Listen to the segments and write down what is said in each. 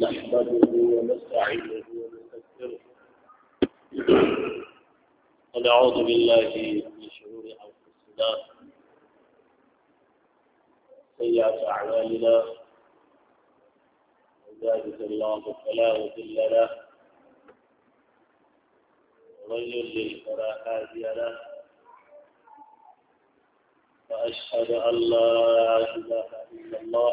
نحمده ونستعينه ونستغفره ونعوذ بالله من شرور انفسنا سيئات اعمالنا وذلك الله فلا مضل له ومن يضلل فلا هادي له واشهد ان لا اله الا الله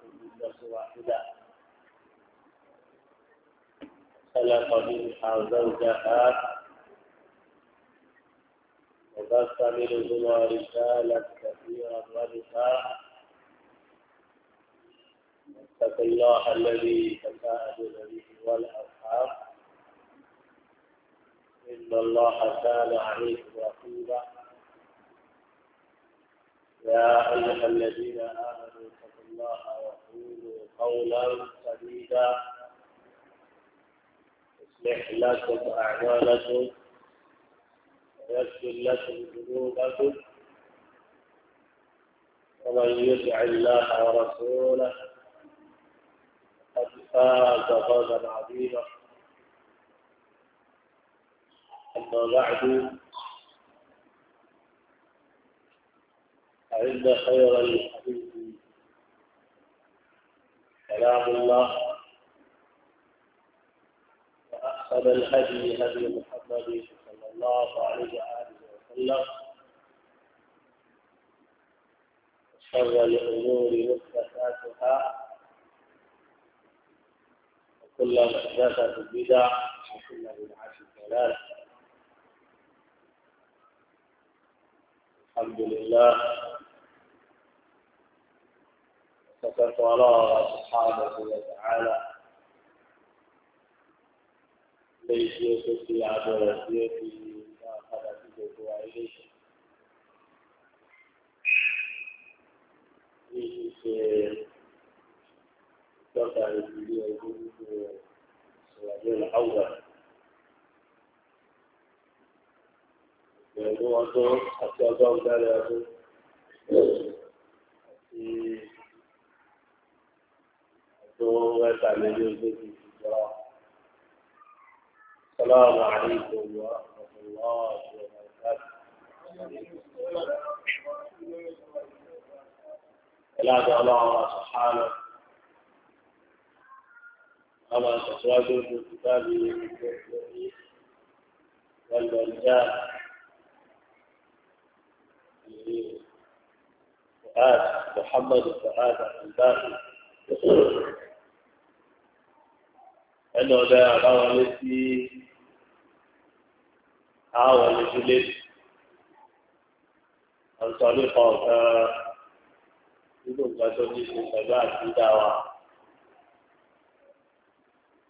واحدة خلق منها زوجها وبث منهما رسالا كثيرا ونساء واتقوا الله الذي تساءلون به والارحام ان الله كان عليكم رقيبا يا ايها الذين امنوا الله وقولوا قولا سديدا يصلح لكم أعمالكم ويغفر لكم ذنوبكم ومن يطع الله ورسوله قد فاز فوزا عظيما أما بعد فإن خير الحديث كلام الله وأحسن الهدي هدي محمد صلى الله عليه وآله وسلم وشر الأمور محدثاتها وكل محدثة بدعة وكل بدعة ضلالة الحمد لله فقد الله سبحانه وتعالى ليس يوسف عبد وسيلتي فاخذته واليه ليس يوسف الى الجزء الاول pẹ̀lú ọdún àti ọgọ́rùn-ún dára ọdún àti السلام عليكم ورحمة الله وبركاته إلى الله سبحانه على تسواجه من كتابه فؤاد محمد فؤاد الباقي ẹnu ọdẹ àbáwọlé sí àwọlé sílé ọ̀sọ́lé kan ọ̀kan nínú nǹkan tó ní ṣe pẹ̀lú àtúndà wa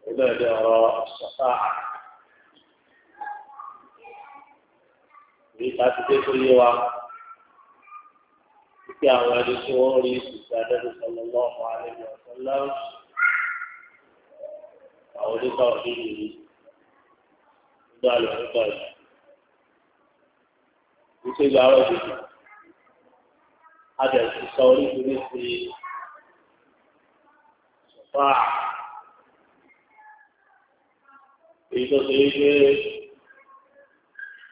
ẹnu ọdẹ ọ̀rọ̀ ṣọ̀fà ní sátidé tó yé wa kí àwọn ẹni tí wọ́n rí ìsìnkú adébísọ̀ lọ́wọ́ àwọn àlejò ọ̀sán lọ́wọ́ àwọn oníkọ̀ọ́ nínú ìlú nínú àlọ́ nípa ìlú wípé ìgbà ọ̀rọ̀ gbèsè adẹ̀sí sọ oríṣiríṣi ṣùpá èyí tó ṣe wípé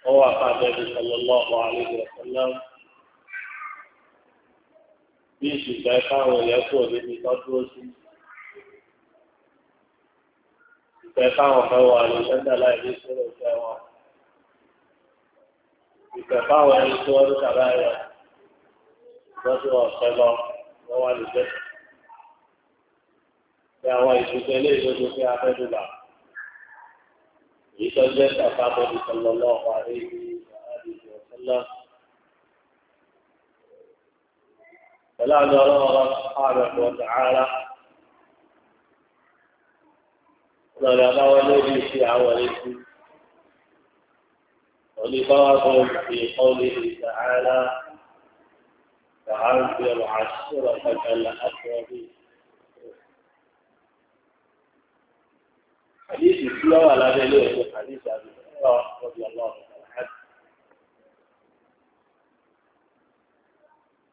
ọwọ́ àpàdébí sallallahu alaihi wasallam bí ìṣùgbà ẹ̀ka àwọn ẹ̀kọ́ níbi tó dúró sí fẹ́ káwọn wà ní sẹ́ńtà láì ní ìfẹ́ wọn. Ìfẹ́ ẹni tí wọ́n ń sàrà rẹ̀ wọ́n ti ọ̀sẹ̀ lọ wọ́n wà níbẹ̀. Bí àwọn ìṣúgbẹ́ ilé ìdókòwò fi afẹ́dùbà. Èyí tó jẹ́ sàfà bọ́dù sọ̀lọ́ lọ́wọ́ àríyí àdìsí ọ̀sẹ̀ náà. Pẹ̀lú àjọ ọlọ́wọ́ lọ́dọ̀ bá wọn lórí iṣẹ́ àwọn ẹ̀sìn. ولبعضهم في قوله تعالى فأنذر عشيرتك الأقربين حديث السلوى على ذلك حديث أبي هريرة رضي الله عنه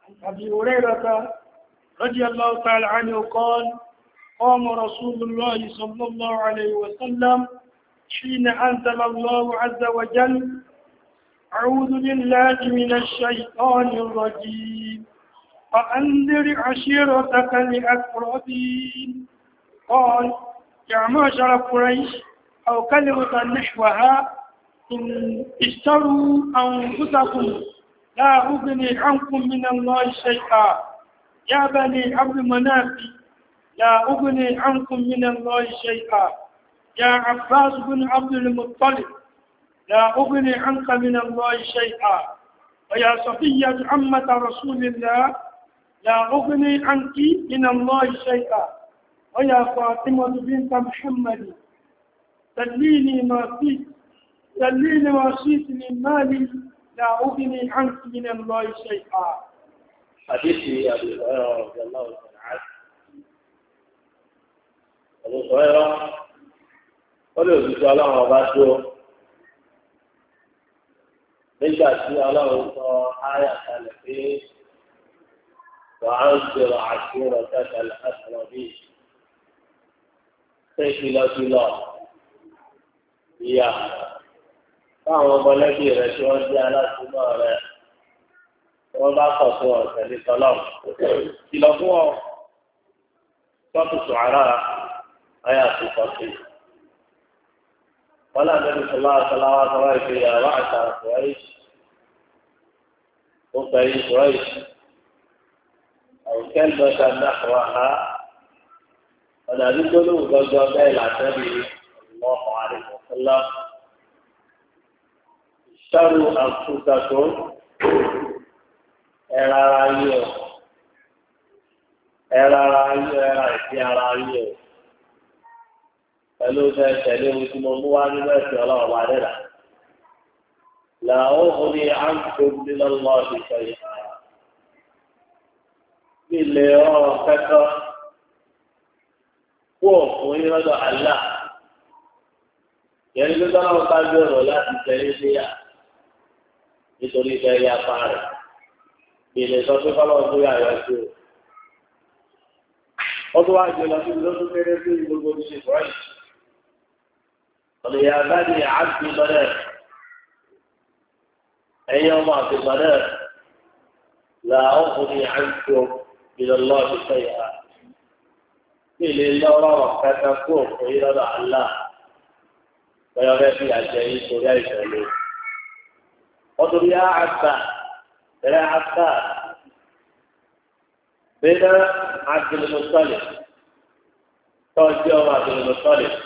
عن أبي هريرة رضي الله تعالى عنه قال قام رسول الله صلى الله عليه وسلم حين أنزل الله عز وجل أعوذ بالله من الشيطان الرجيم فأنذر عشيرتك لأقربين قال يا معشر قريش أو كلمة نحوها إن اشتروا أنفسكم لا أغني عنكم من الله شيئا يا بني عبد منافي لا أغني عنكم من الله شيئا يا عباس بن عبد المطلب لا أغني عنك من الله شيئا ويا صفية عمة رسول الله لا أغني عنك من الله شيئا ويا فاطمة بنت محمد سليني ما فيك سليني ما شئت من مالي لا أغني عنك من الله شيئا حديثي أبي هريرة رضي الله عنه ọ̀bùsọ̀ ẹ̀rọ ó lè òṣìṣẹ́ ọlọ́run ọba tó nígbà tí ọlọ́run sọ ayà kalẹ̀ pé wàá ń sọ̀rọ̀ àti ìrọ̀tẹ́ kalẹ̀ àtàwọn bíi ṣé kìlọ̀kìlọ̀ ìyá táwọn ọmọlẹ́bí rẹ̀ tí wọ́n jẹ́ aláṣùmọ̀ rẹ̀ wọ́n bá kọ̀ fún ọ̀sẹ̀ ní sọlọ́ọ̀ kìlọ̀ fún ọ tọ́tù sọ̀rọ̀ آيات التوحيد قال النبي صلى الله عليه وسلم يا وعد قريش قلت أي قريش أو كلمة نحوها أنا أقول قد قال النبي صلى الله عليه وسلم اشتروا أنفسكم ẹ̀rọ ara yìí ẹ̀rọ ara yìí ẹ̀rọ ìdí ara yìí pẹ̀lú fẹ́ tẹ̀lé ohun tí mo mú wá nínú ẹ̀sìn ọlọ́run wa rẹ̀ rà. làwọn ò ní àǹkóò nílò lọ́ọ̀ ti sọ yìí. ilẹ̀ ọ̀rọ̀ kẹ́kọ̀ọ́ kú òfin yín lọ́dọ̀ àlá. yẹn ní lọ́dọ̀ náà bá gbèrò láti tẹ̀lé sí yà nítorí ìfẹ́ yà pa rẹ̀. ilẹ̀ sọ pé fọlọ́ọ̀ tó yà yọ sí o. ọdún wa jẹ́ lọ sí lọ́dún kéré sí gbogbo ìṣèkọ́ yìí. قال يا بني عبد مناف أي يوم عبد مناف لا أغني عنكم من الله شيئا إلا الله رأى إلى الله ويا في الجيش وليس له قدر يا عباس يا عباس بين عبد المطلب توجه عبد المطلب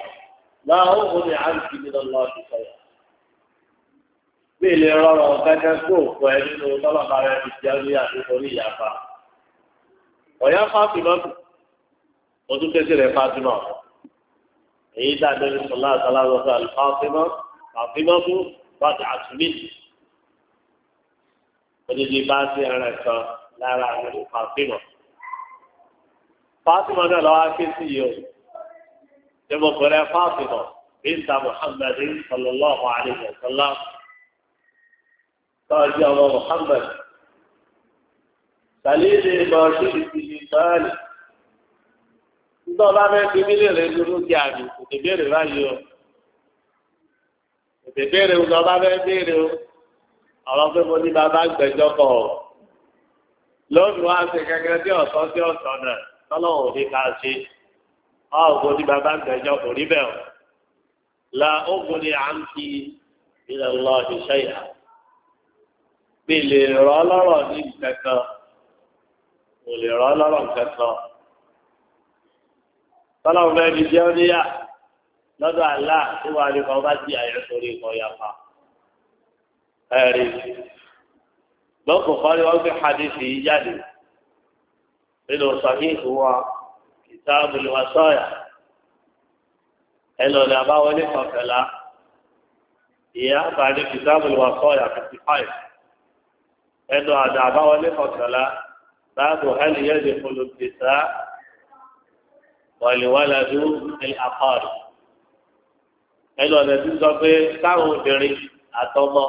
láwọn ò ní àǹtí mi lọ́wọ́ ti sọ̀rọ̀. bí ilé rọrùn ọ̀gájá kó òkú ẹ nínú tọ́lọ̀bà rẹ ti jẹ́ ní àtúntò ní ìyàpá. ọ̀yá fásimọ́tò mo tún ké sí rẹ̀ fásimọ́. èyí dáadé ní sọ̀lá àtàlà lọ́sọ̀ àlùfáàfímọ́ fàfímọ́tò bàtà àtúmí. odidi bá sí ara kan lára àwọn fàfímọ́. fásimọ́ náà lọ́wọ́ á ké sí yìí o ṣé mo kọ̀ rẹ̀ Fátímà bíntà Muhammad sallallahu alayhi wa sallam tọ́jú ọmọ Muhammad sàlíìlì lọ́ọ̀ṣì ìdílé báàlì ńdọ́ bá fẹ́ fi mí lèrè dúró kí àmì kò tè béèrè báyìí o kò tè béèrè o lọ́ọ́ bá fẹ́ béèrè o ọ̀rọ̀ pé mo ní bàbá gbẹ̀jọ́ kọ̀ ọ́ lónìí wá ṣe kẹ́kẹ́ bí ọ̀sán sí ọ̀sán náà tọ́lọ́wọ́ òde ká ṣe ọ̀gbọ́n ah, ní bàbá gbẹ̀jọ́ kò rí bẹ́ẹ̀ o la ogun ni à ń fi ilẹ̀ lọ ṣiṣẹ́ yà bí lè rọ́ lọ́rọ̀ ní kankan kò lè rọ́ lọ́rọ̀ kankan tọ́lọ́mù bẹ́ẹ̀ ni jẹ́ níyà lọ́dọ̀ àlá tí wàá rí kan bá di àyẹ̀ sórí ìkọ̀ ya pa ẹ̀rí lọ́kùnkọ́ ni wọ́n fi hadithi yìí jáde nínú sàmì ìfowópamọ́ kìtàbù lùwàsọ́yà ẹlọ́lẹ̀ àbáwọlé kọkànlá ìyá àbáni kìtàbù lùwàsọ́yà fifty five ẹnu àdá àbáwọlé kọkànlá báàbò hẹ́lì yẹn lè fọlọ́ kìtà wàlíwàládú ní àkọ́rì ẹlọ́lẹ̀ tí sọ pé táwọn obìnrin àtọmọ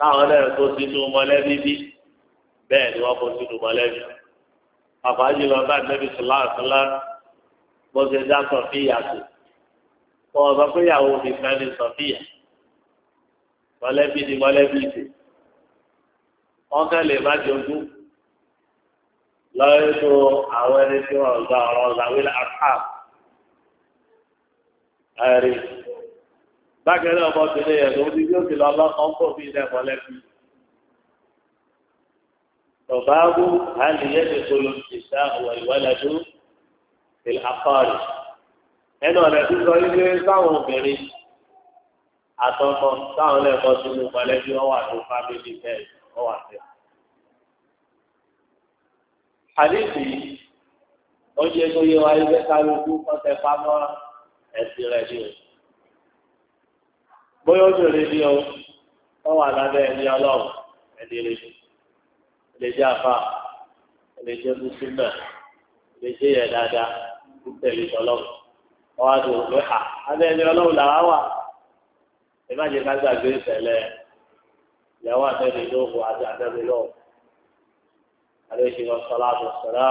táwọn náà kó sínú mọ̀lẹ́bí bí bẹ́ẹ̀ ni wọ́n kó sínú mọ̀lẹ́bí àfàájì lọ bá nẹbi sọlá àfọlá bó ṣe dá sọfíà tó kọ ọ sọ pé ìyàwó mi fẹ́ ni sọfíà mọ̀lẹ́bí ni mọ̀lẹ́bí ìdè wọn kàn lè má jogún lọ́yẹ́ tó àwọn ẹni tí wọ́n gba ọ̀rọ̀ làwílẹ̀ àpá ẹ̀rí bákẹ́rẹ́ ọmọbìnrin yẹn ló ń bí yóò ti lọ lọ́kàn kó bí ilẹ̀ mọ̀lẹ́bí tọ̀báàbù àlìyé ti kolo ìṣá ọ̀wọ̀ ìwádàdú ìlà àkọ́ọ̀rì ẹnu ọ̀nà tí sọ ilé sáwọn obìnrin àtọmọ sáwọn lẹ́kọ̀ọ́ sínú mọ̀lẹ́bí ọwọ́ àti fámìlì bẹ́ẹ̀ ọwọ́ àti. àdìsí ó jẹ́ kó yẹ wáyé pé kálukú kọ́tẹ́ pamọ́ ẹ̀sìn rẹ̀ ni o. bóyá ó jòlè ní o ọwọ́ àlábẹ́ ẹni ọlọ́run ẹni rẹ̀ ni lè jẹ́ afa lè jẹ́ mùsùlùmẹ̀ lè jẹ́ yẹ dáadáa ń tẹ̀lé ọlọ́run ọwọ́ àti òwe hà abẹ́ ẹni ọlọ́run làwa wà ẹ má jẹ́ ká gbàgbé ìfẹ̀lẹ́ ìyàwó àtẹ̀lé lóhùn àti àtẹ̀lé lọ́wọ́ àlẹ́ ìṣèlú ọ̀sọ́lá àti ọ̀sọ́lá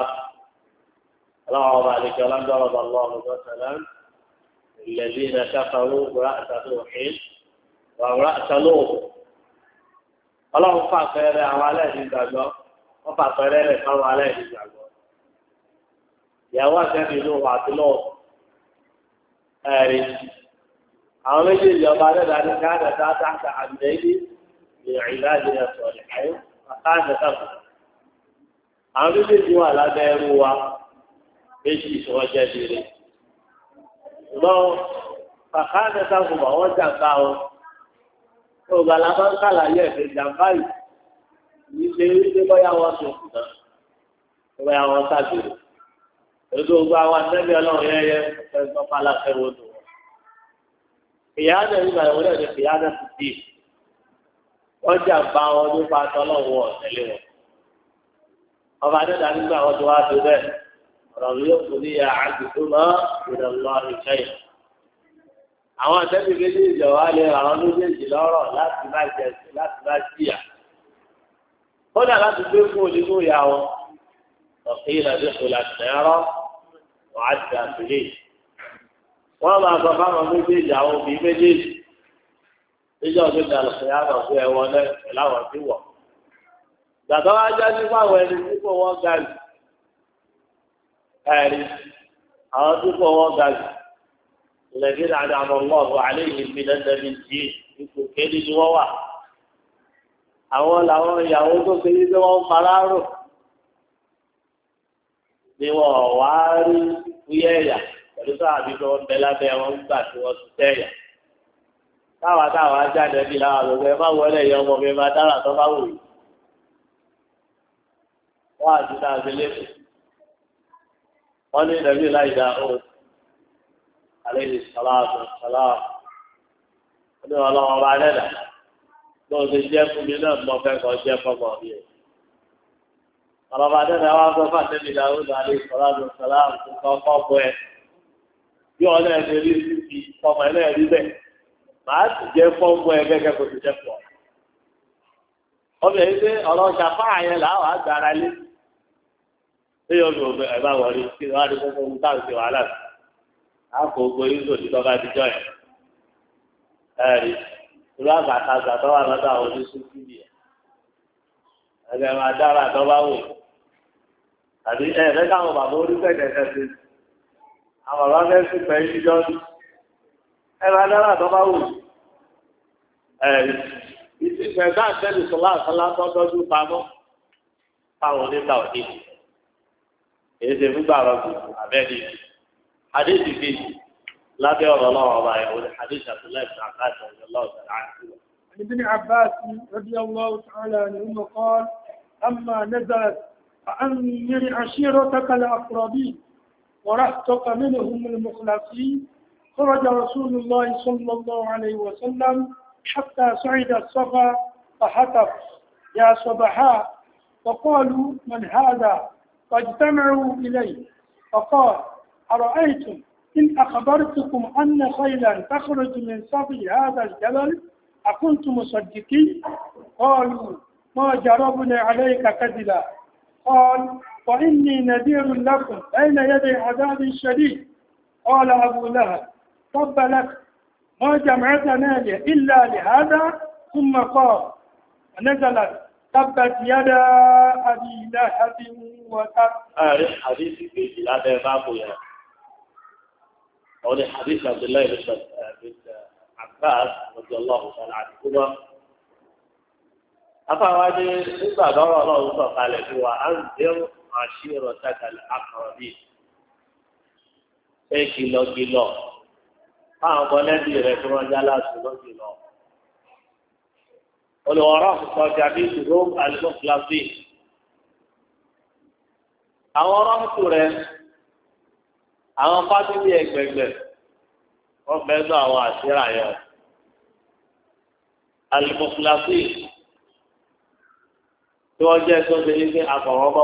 ọlọ́run ọba àlejò ọlọ́dọ̀ọ́lọ́dọ̀ ọlọ́run ọ̀sọ́lá الذين كفروا ورأس نوح ورأس لوط ọlọ́run fà pẹrẹ àwọn aláìní gbàgbọ́ wọ́n fà pẹrẹ rẹ̀ fáwọn aláìní gbàgbọ́. ìyàwó àtẹ́bí ló wà tó lọ ẹ̀rí. àwọn méjèèjì ọba dẹ́dà ní káàdà dáadáa ká àgbẹ̀yìn ìrìnàjò ẹ̀sọ̀ ìhàyò àkáàdà dàbọ̀. àwọn méjèèjì wà lábẹ́ ẹrú wa méjì ìṣọwọ́jẹ́ rere. ṣùgbọ́n kàkáàdà dàbọ̀ wọ́n jà bá wọn tó bàlá bá ń kàlàyé ẹ̀fẹ́ ìjàmbá yìí nílé wípé bóyá wọn sùn tán bóyá wọn sàgbèrè ètò gbogbo àwọn àtẹ́bí ọlọ́run yẹn yẹn fẹ́ sọ fàlà fẹ́ wọ́n tó wọn. ìyá náà nígbà ìwé náà ní ìyá náà ti dì wọ́n jà bá wọn nípa tọ́lọ́wọ́ ọ̀tẹ́lẹ̀ wọn. ọba dẹ́dà nígbà wọn tó wá tó bẹ́ẹ̀ ọ̀rọ̀ yóò fún ní àwọn àtẹ́bí méjèèjì ọ̀wá lè ràn án méjèèjì lọ́rọ̀ láti bá jẹ sí láti bá jìyà kódà láti gbé fún onínú ìyá wọn ọ̀pẹ́ ìrìnàjò kò láti ẹ̀rọ wàá ti àtúnyè wọ́n máa sọ fáwọn méjèèjì àwọn òbí méjèèjì níjọ́ tó dàlù pé àwọn òbí ẹ̀wọ̀n náà pẹ̀lú àwọn tí wọ̀ gbàtọ́ wá jáde fáwọn ẹni tí kò wọ́n ga jù ẹ̀rí àwọn tí kò wọ́n ga jù. الذين أنعم الله عليهم من النبيين ipò kéde ni wọ́n wà àwọn làwọn ìyàwó tó ṣe yí pé wọ́n farárò ni wọ́n wá rí fúyẹ́ ẹ̀yà pẹ̀lú sáàbí tó ń bẹ lábẹ́ wọn gbà tí wọ́n ti tẹ́ ẹ̀yà táwa táwa jáde àlejò sàlámù sàlámù ọdún ọlọ́wọ́ bá dẹ́dà lóò ti jẹ́ fún mi náà mọ́ fẹ́ kọ́ jẹ́ fọ́mọ mi o. ọlọ́wọ́ dẹ́dà wá sọ fún àtẹ́mi dàrúdà àlejò sàlámù sàlámù tó kọ́ fọ́mọ ẹ bí ọ̀nà ẹ̀sẹ̀ rí sí fọ́mọ ẹ̀ náà rí bẹ́ẹ̀ màá sì jẹ́ fọ́mọ ẹ gẹ́gẹ́ bó ti jẹ́ fọ́ ọbẹ̀ yìí pé ọ̀rọ̀ ṣàfáà yẹn làwọn àgbára lé. ṣé yọ̀ọ́ mi ò bẹ̀ ẹ̀ bá wọlé kí wọ́n á di kókó ohun táwọn wàhálà sí àpò gbogbo yín lòdì lọ́ba àtijọ́ yẹn ẹ̀rí irú àgbàkazà tó wà lọ́dọ̀ àwọn oníṣùkú nìyẹn ẹ̀rẹ̀ máa dára àtọ́wá wò tàbí ẹ̀rẹ́ káwọn bàbá onífẹ̀dẹ̀ ẹ̀sẹ̀ àwọn bàbá fẹ́ sí pẹ̀lú ìjọ ẹ̀ máa dára àtọ́wá wò ẹ̀rí ìsìnkẹ̀ bá àtẹ́lù sọlá àsọlá tọ́jú pamọ́ táwọn oníta òdì èyí ṣe fúgbà rọ̀gbìn àbẹ́ni adéjì kejì لا ọ̀rọ̀ الله ọba ẹ̀wọ̀n ní عبد الله بن عباس رضي الله تعالى عن ابن عباس رضي الله تعالى عنهما قال أما نزلت فأنذر عشيرتك الأقربين ورحتك منهم المخلصين خرج رسول الله صلى الله عليه وسلم حتى صعد الصفا فحتف يا صبحاء فقالوا من هذا فاجتمعوا إليه فقال أرأيتم إن أخبرتكم أن خيلا تخرج من صفي هذا الجبل أكنت مصدقين قالوا ما جربنا عليك كذبا قال وإني نذير لكم بين يدي عذاب شديد قال أبو لهب طب لك ما جمعتنا إلا لهذا ثم قال نزلت تبت يدا أبي لهب وتب آه حديث في هذا بابه يعني أو لحديث عبد الله بن عباس رضي الله تعالى عنهما أفواني إذا دعا الله قال هو أنذر عشيرتك الأقربين ṣé kìlọ̀ kìlọ̀ fáwọn mọ̀lẹ́bí rẹ̀ tí wọ́n já láti lọ kìlọ̀. olùwọ́rọ̀ sọ̀jà bí ìṣòro àlùmọ́kìláṣí. àwọn ọ̀rọ̀ mùtù rẹ̀ àwọn fásitì ẹgbẹgbẹ wọn bẹ nù àwọn àṣírà yẹn alimọfilasi tí wọn jẹ tó ṣe ní akọrọbọ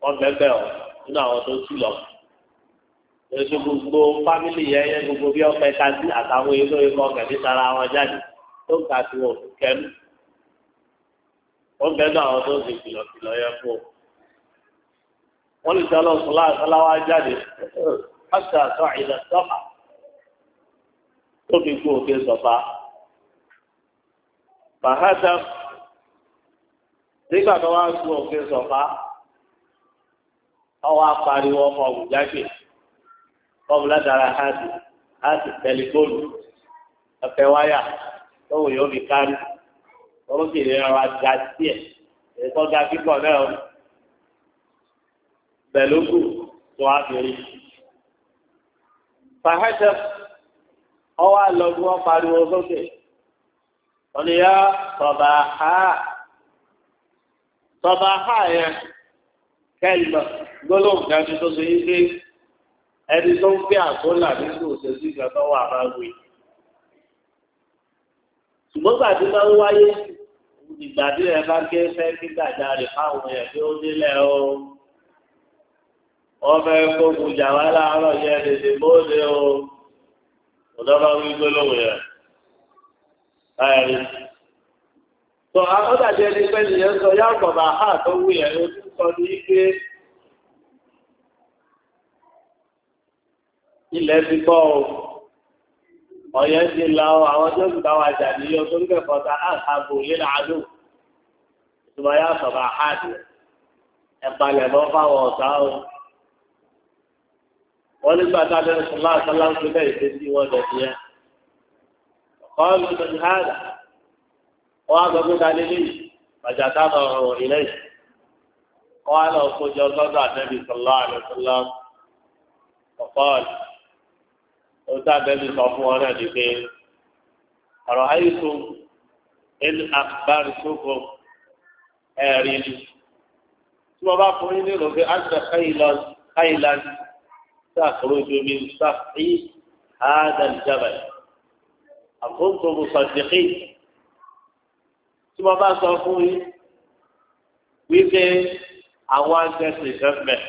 wọn bẹ bẹ ọ nínú àwọn tó ti lọ èso gbogbo fámìlì yẹn yẹn gbogbo bí ọpẹ kasi àtàwọn èso ikọ kẹmí sara wọn jáde tó ń ka tiwọn kẹmí wọn bẹ àwọn tó ṣe kìlọ̀kìlọ̀ yẹn fún ọ wọ́n lè ṣe ọlọ́run sọlá àtàláwá jáde àṣà àtọ́ àìlẹ̀ sọ́fà tó fi kú òkè sọ̀fà. bàhádà nígbà tó wá kú òkè sọ̀fà ọwọ́ apariwo ọmọ ọ̀gùnjáde ọmọ ládàra hàdì hàdì tẹlifóònù ọ̀fẹ́ wáyà tọ́wọ́ yóò fi kárí orúkè ìrora ga díẹ̀ èkó ga kíkọ̀ náà bẹ̀lógún tó á bèrè. Fàhẹ́tẹ̀ ọwọ́ àlọ́gún wọn pariwo sókè. Wọ́n ní yá tọ̀bà ha. Tọ̀bà ha yẹn kẹ́lìmọ̀ gbólóhùn jáde tó ṣe yín pé ẹni tó ń gbé àkólà nínú òṣèlú ìgbà tó wà máa wù yìí. Ṣùgbọ́n gbàdí máa ń wáyé ìgbà tí ẹ bá gé fẹ́ kí gbàjà rè fáwọn ẹ̀ tí ó délẹ̀ o ọmọ ẹ̀kọ́ gbùjà wá láàárọ̀ yẹ lèdè mọ́ọ̀lẹ́ o ọ̀dọ́bà wí gbólóhùn yẹn ẹ̀rí. tó àwọn dàbí ẹni pé nìyẹn sọ yá gbọ̀bà ha tó wù yẹn ló ti sọ ní pé ilẹ̀ ti kọ́ o ọ̀yẹ́ ti la o àwọn tó ti bá wa jà ní o tó ń kẹ́kọ̀ọ́ ta àkàbò yẹn làádó ìtumọ̀ yá sọ̀bà ha ẹ̀ palẹ̀ fáwọn ọ̀tá o wọ́n nígbà tá a lẹ́nu sọ̀lá àtàlà ń fi bẹ́ẹ̀ ṣe sí wọn lọ sí ẹ. ọ̀hún ló ti há rà wọ́n á sọ pé ta lé léyìí bàjá táwọn ọ̀rọ̀ ilé yìí wọ́n á lọ kójọ sọ́dọ̀ àtẹ́bí sọ̀lá àlùsọ̀lá ọ̀pọ̀l ó sábẹ́bí sọ fún wọn náà pé ọ̀rọ̀ àìsùn ẹni àkùbárì sóko ẹ̀rí ni tí wọ́n bá fún yín nílò pé àṣà káyìlá káyìlá ni. تخرج من سفح هذا الجبل أكنتم مصدقين tí mo bá sọ fún yín wípé àwọn agbẹ̀sìn kan bẹ̀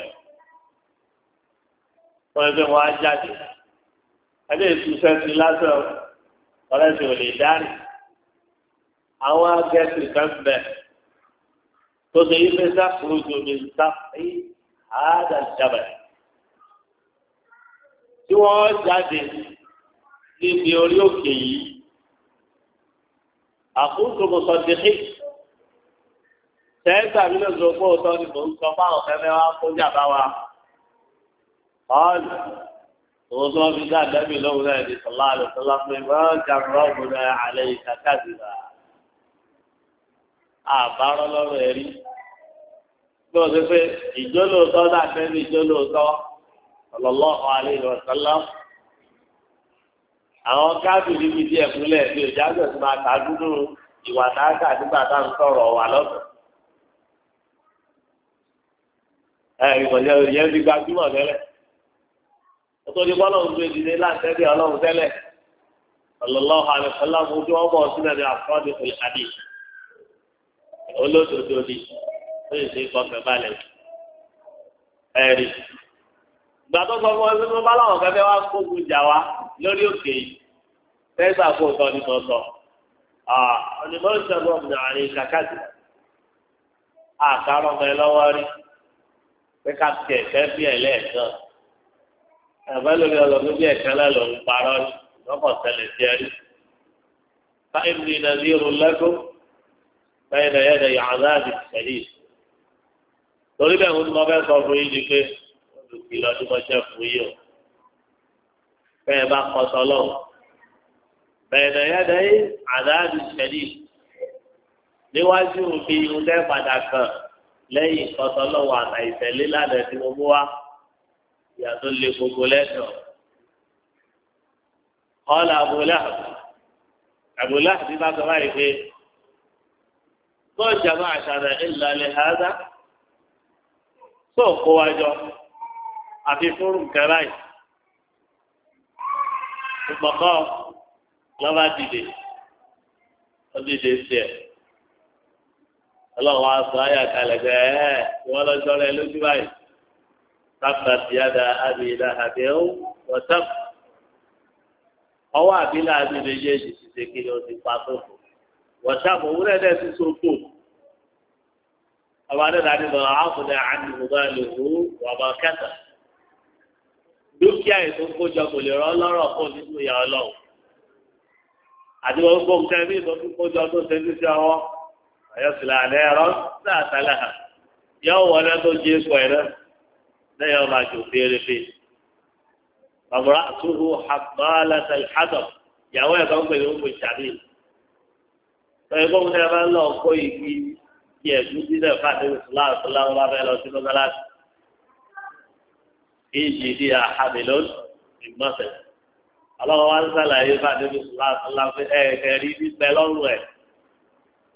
wọ́n ẹgbẹ́ wọn á jáde ẹgbẹ́ ìtúsẹ́ ti lásán ọlẹ́sìn ò lè dárì àwọn agbẹ̀sìn kan bẹ̀ tó ṣe yí pé sáfùrù ju mi sáfì àádàjábẹ̀ tí wọ́n jáde níbi orí òkè yìí àkóso mọ̀sọ̀dẹ́hìn tẹ́ẹ̀sà mi lè sọ pé òótọ́ ni mò ń sọ fáwọn fẹ́fẹ́ wá fún jàmbá wa. ọ̀ọ́nì òun tó fi dá àdábì lọ́wọ́ náà ní sọ̀lá rẹ̀ sọ́lá pé wọ́n jàmbá òun náà àlẹ́ ìkàkà sí wa. àbárọ́ lọ́rọ̀ ẹ̀rí. bí wọ́n ti pé ìjólóòótọ́ náà fẹ́ ní ìjólóòótọ́ sallallahu alaihi wa sallam àwọn káàbìlì mi díẹ̀ múlẹ̀ bí òjá gbèsè máa ta dúdú ìwà dáadáa àdúgbà tá à ń sọ̀rọ̀ wà lọ́sọ̀. ẹ ìmọ̀lẹ́ òyìn ti gbajúmọ̀ tẹ́lẹ̀ ó tó ní bọ́lọ́hún tó ti dé láǹtẹ́lẹ̀ ọlọ́run tẹ́lẹ̀ sallallahu alaihi ojú ọmọ sílẹ̀ ní àfọ́dé ìlàdí olódodo ni ó sì ṣe kọfẹ́ balẹ̀ ẹ̀rí gbà tó sọ fún ẹgbẹ́ tó bá láwọn kẹfẹ́ wá kógun jà wá lórí òkè yìí fẹ́ẹ́sà kó tọ́ ni tó sọ ọ̀nìmọ̀ ìṣẹ̀gbọ́n mi àárín kàkàdì àkàrọ̀ mọ́ ẹ lọ́wọ́ rí pé ká tiẹ̀ fẹ́ bí ẹ lẹ́ẹ̀kan ẹ̀fẹ́ lórí ọlọ́dún bí ẹ̀kan náà lòún parọ́ ni lọ́kọ̀ tẹ̀lé sí ẹ rí fáìmù ìnàdí irun lẹ́kọ̀ọ́ bẹ́ẹ̀ ni yàrá àdìsẹ́lì torí bẹ́ẹ̀ ń gbogbo lọ́dún mọ́ṣẹ́ fún yìí o bẹ́ẹ̀ bá kọ́ sọ́lọ́ bẹ́ẹ̀ dẹ̀yẹ́dẹ́ àdáàdì ṣẹ̀lì níwájú mi ilé padà kan lẹ́yìn kọ́sọ́lọ́wọ́ àtàìtẹ̀lé lánàá tí mo mú wá ìyàtọ̀ lé gbogbo lẹ́sọ̀ ọ̀là àbúlá àbúlá àti bàtà báyìí pé tó jàmbá àṣàrà ńlá lè hàdá tó kó wájọ àfi fúrùn kẹráì ìgbọ̀kọ́ lọ́ba dìde ọdíje tiẹ̀ ọlọ́wọ́ aṣọ ayàkálẹ̀ gẹ́ẹ́ wọ́n lọ sọ́rọ́ ẹ lójú báyìí sábà tìyàdá àbílà àbẹ́wò wọ́táp ọwọ́ àbílà àbílà yéèjì ti ṣe kí ni o ti pa sófò wọ́táp òwúrọ̀ ẹ̀dẹ́ ti sófò ọba dẹ́ta ni bọ̀lá áfọ̀dẹ́ àdìmúgbà lòwú wàbà kẹta dúkìá yìí tó kójọ kò lè rán lọ́rọ̀ kó nínú ìyá ọlọ́run àti wọn gbọ́ nǹkan bí ìbọn tó kójọ tó ṣe ní sí ọwọ́ àyọ̀sílẹ̀ àlẹ́ ẹ̀rọ náà sálẹ̀ hàn yóò wọlé tó jí èso ẹ̀ náà lẹ́yìn ọba àjò fèrèfè bàbá àtúhù àbálàtà ìhádọ̀ ìyàwó ẹ̀ kan pèlú òkú ìṣàbí lọ́yìn gbọ́n tẹ́ bá ń lọ kó igi yẹ̀dú sílẹ̀ fàdé èyí di àhàmìlón ìgbọ̀nsẹ̀. ọlọ́wọ́ wa ń sàlàyé bá níbi láti ẹ̀ẹ́dẹ̀rí nípẹ́ lọ́rùn ẹ̀.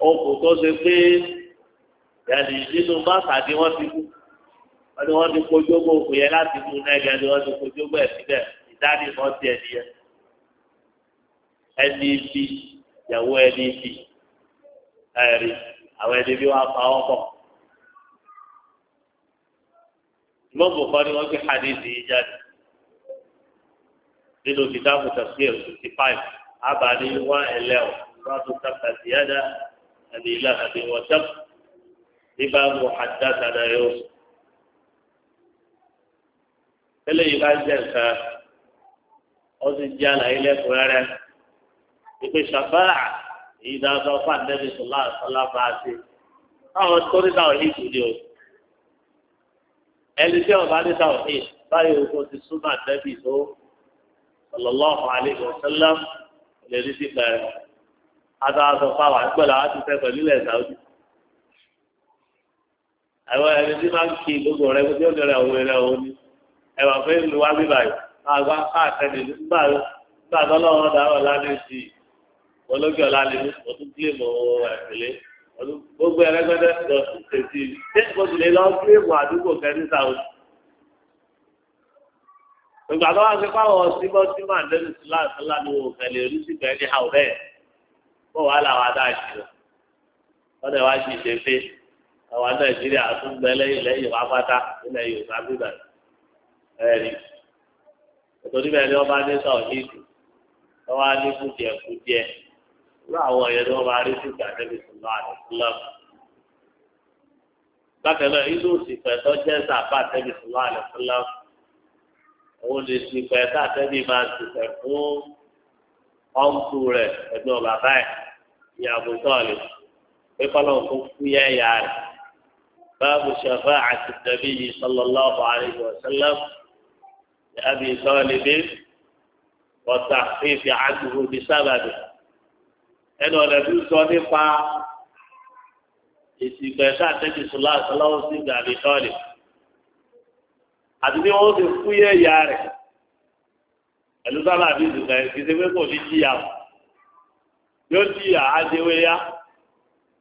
okùn tó ṣe pé yàtì nínú bàtà ni wọ́n ti kú wọ́n ni wọ́n ti kojó bó okùn yẹn láti mú nẹ́gẹ́ ni wọ́n ti kojó bó ẹ̀ síbẹ̀ ìdánimọ̀ tiẹ̀ nìyẹn. ẹni ibi ìyàwó ẹni ibi ẹ̀rí àwọn ẹni bí wọ́n pa ọ́ pọ̀. ìmọ̀ bùkọ́ ni wọ́n fi hadith yìí jáde nínú kìtàbù tafsir fifty five abàní one eleven one two chapter ziyada àbí ilá àbí wọ́tẹ́pù nígbà wo haddathana Yusuf. tẹ́lẹ̀ yìí bá ń jẹ́ nǹkan ó sì jẹ́ àlàyé lẹ́kùnrẹ́rẹ́ ìpè ṣàfáà èyí dáadọ́ fún àdébísọ̀lá àṣọlá bá a ṣe. táwọn tó táwọn yìí kù ní o ẹni tí ọba ní sáwọn ní báyìí oko ti súnmọ́ àtẹ́bí tó sallallahu alaihi wasallam lè rí sí pẹ̀lú adáàzọ fáwọn àgbẹ̀lá láti fẹ́ pẹ̀lú ilẹ̀ sáwọ́dì. àwọn ẹni tí máa ń kí gbogbo rẹ kó tí ó lè òwe rẹ òun ni ẹwà fẹ́ lu wá bí báyìí máa káàkiri nígbà nígbà tó lọ́wọ́ dáwọ̀ lálẹ́ sí i olóògbé ọ̀la lè mú òtún kílè mọ́ ẹ̀fẹ́lẹ́. gbogbo ẹlẹgbẹdẹ lọ tètè dé gbòdìlẹ lọ sí èèmù àdúgbò kẹrin sáwọn ìgbà tó wá àdéhùn wàá àwọn nàìjíríà pátá yorùbá ní yìí ní kùdìẹ̀ kùdìẹ̀ irú àwọn yẹn ni wọ́n máa rí sígbà níbi ìsúná àdìsílám. bákan náà inú òsìpẹ́ tó jẹ́ sàbá níbi ìsúná àdìsílám òun lè sìpẹ́ sàtẹ́bí máa sìpẹ́ fún ọ̀nkù rẹ̀ ẹ̀gbọ́n bàbá ẹ̀ ìyàbò tọ́ọ̀lì pé kọ́lọ́ fún fúyẹ́ ẹ̀yà rẹ̀. باب شفاعة النبي صلى الله عليه وسلم لأبي طالب والتخفيف عنه بسببه ẹnu ọ̀nà tó sọ nípa èsì ìgbẹ̀sà tẹ́tí sọlá àtàláwọ̀ sí gàdí tọ́lì àti bí wọ́n ti fú yé ìyá rẹ̀ pẹ̀lú sábà bí ìdùnnà ìṣe pé kò ní jìyà o yóò jìyà adéwéyá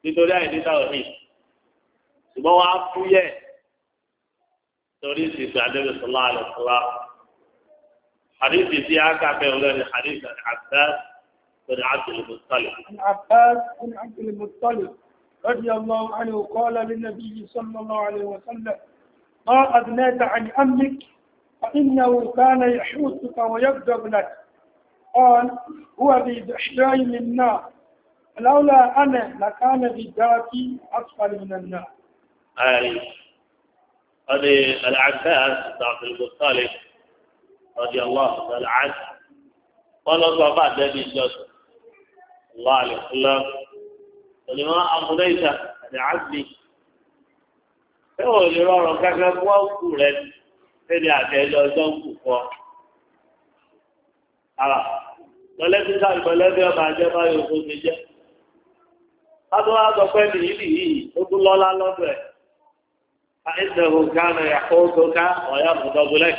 nítorí àìníta òní ṣùgbọ́n wọ́n á fú yẹ torí ìsìnkú àdébẹ̀ sọlá àlọ́ sọlá àdébẹ̀ tí a kà fẹ́ òun lẹ́nu àdébẹ̀ àgbẹ̀. بن عبد المطلب عن عباس بن عبد المطلب رضي الله عنه قال للنبي صلى الله عليه وسلم ما أغنيت عن أمك فإنه كان يحوسك ويغضب لك قال هو بإحياء من النار لولا أنا لكان بذاتي أسفل من النار أي هذه العباس بن عبد المطلب رضي الله تعالى عنه قال الله بعد النبي صلى الله عليه وسلم ولما أمضيت لعبدي فهو لرارة كذب وقولا فدع كيلا زوجك على lọlẹ́bí sáà ìbọ̀lẹ́bí ọba àjẹbá yòókù mi jẹ́ látọ́ látọ́ pẹ́ ní ìlú yìí ó tún lọ́lá lọ́dọ̀ ẹ̀ àìsàn òkà náà yàtọ̀ òkà ọ̀yà mọ̀tọ́gbọ́lẹ́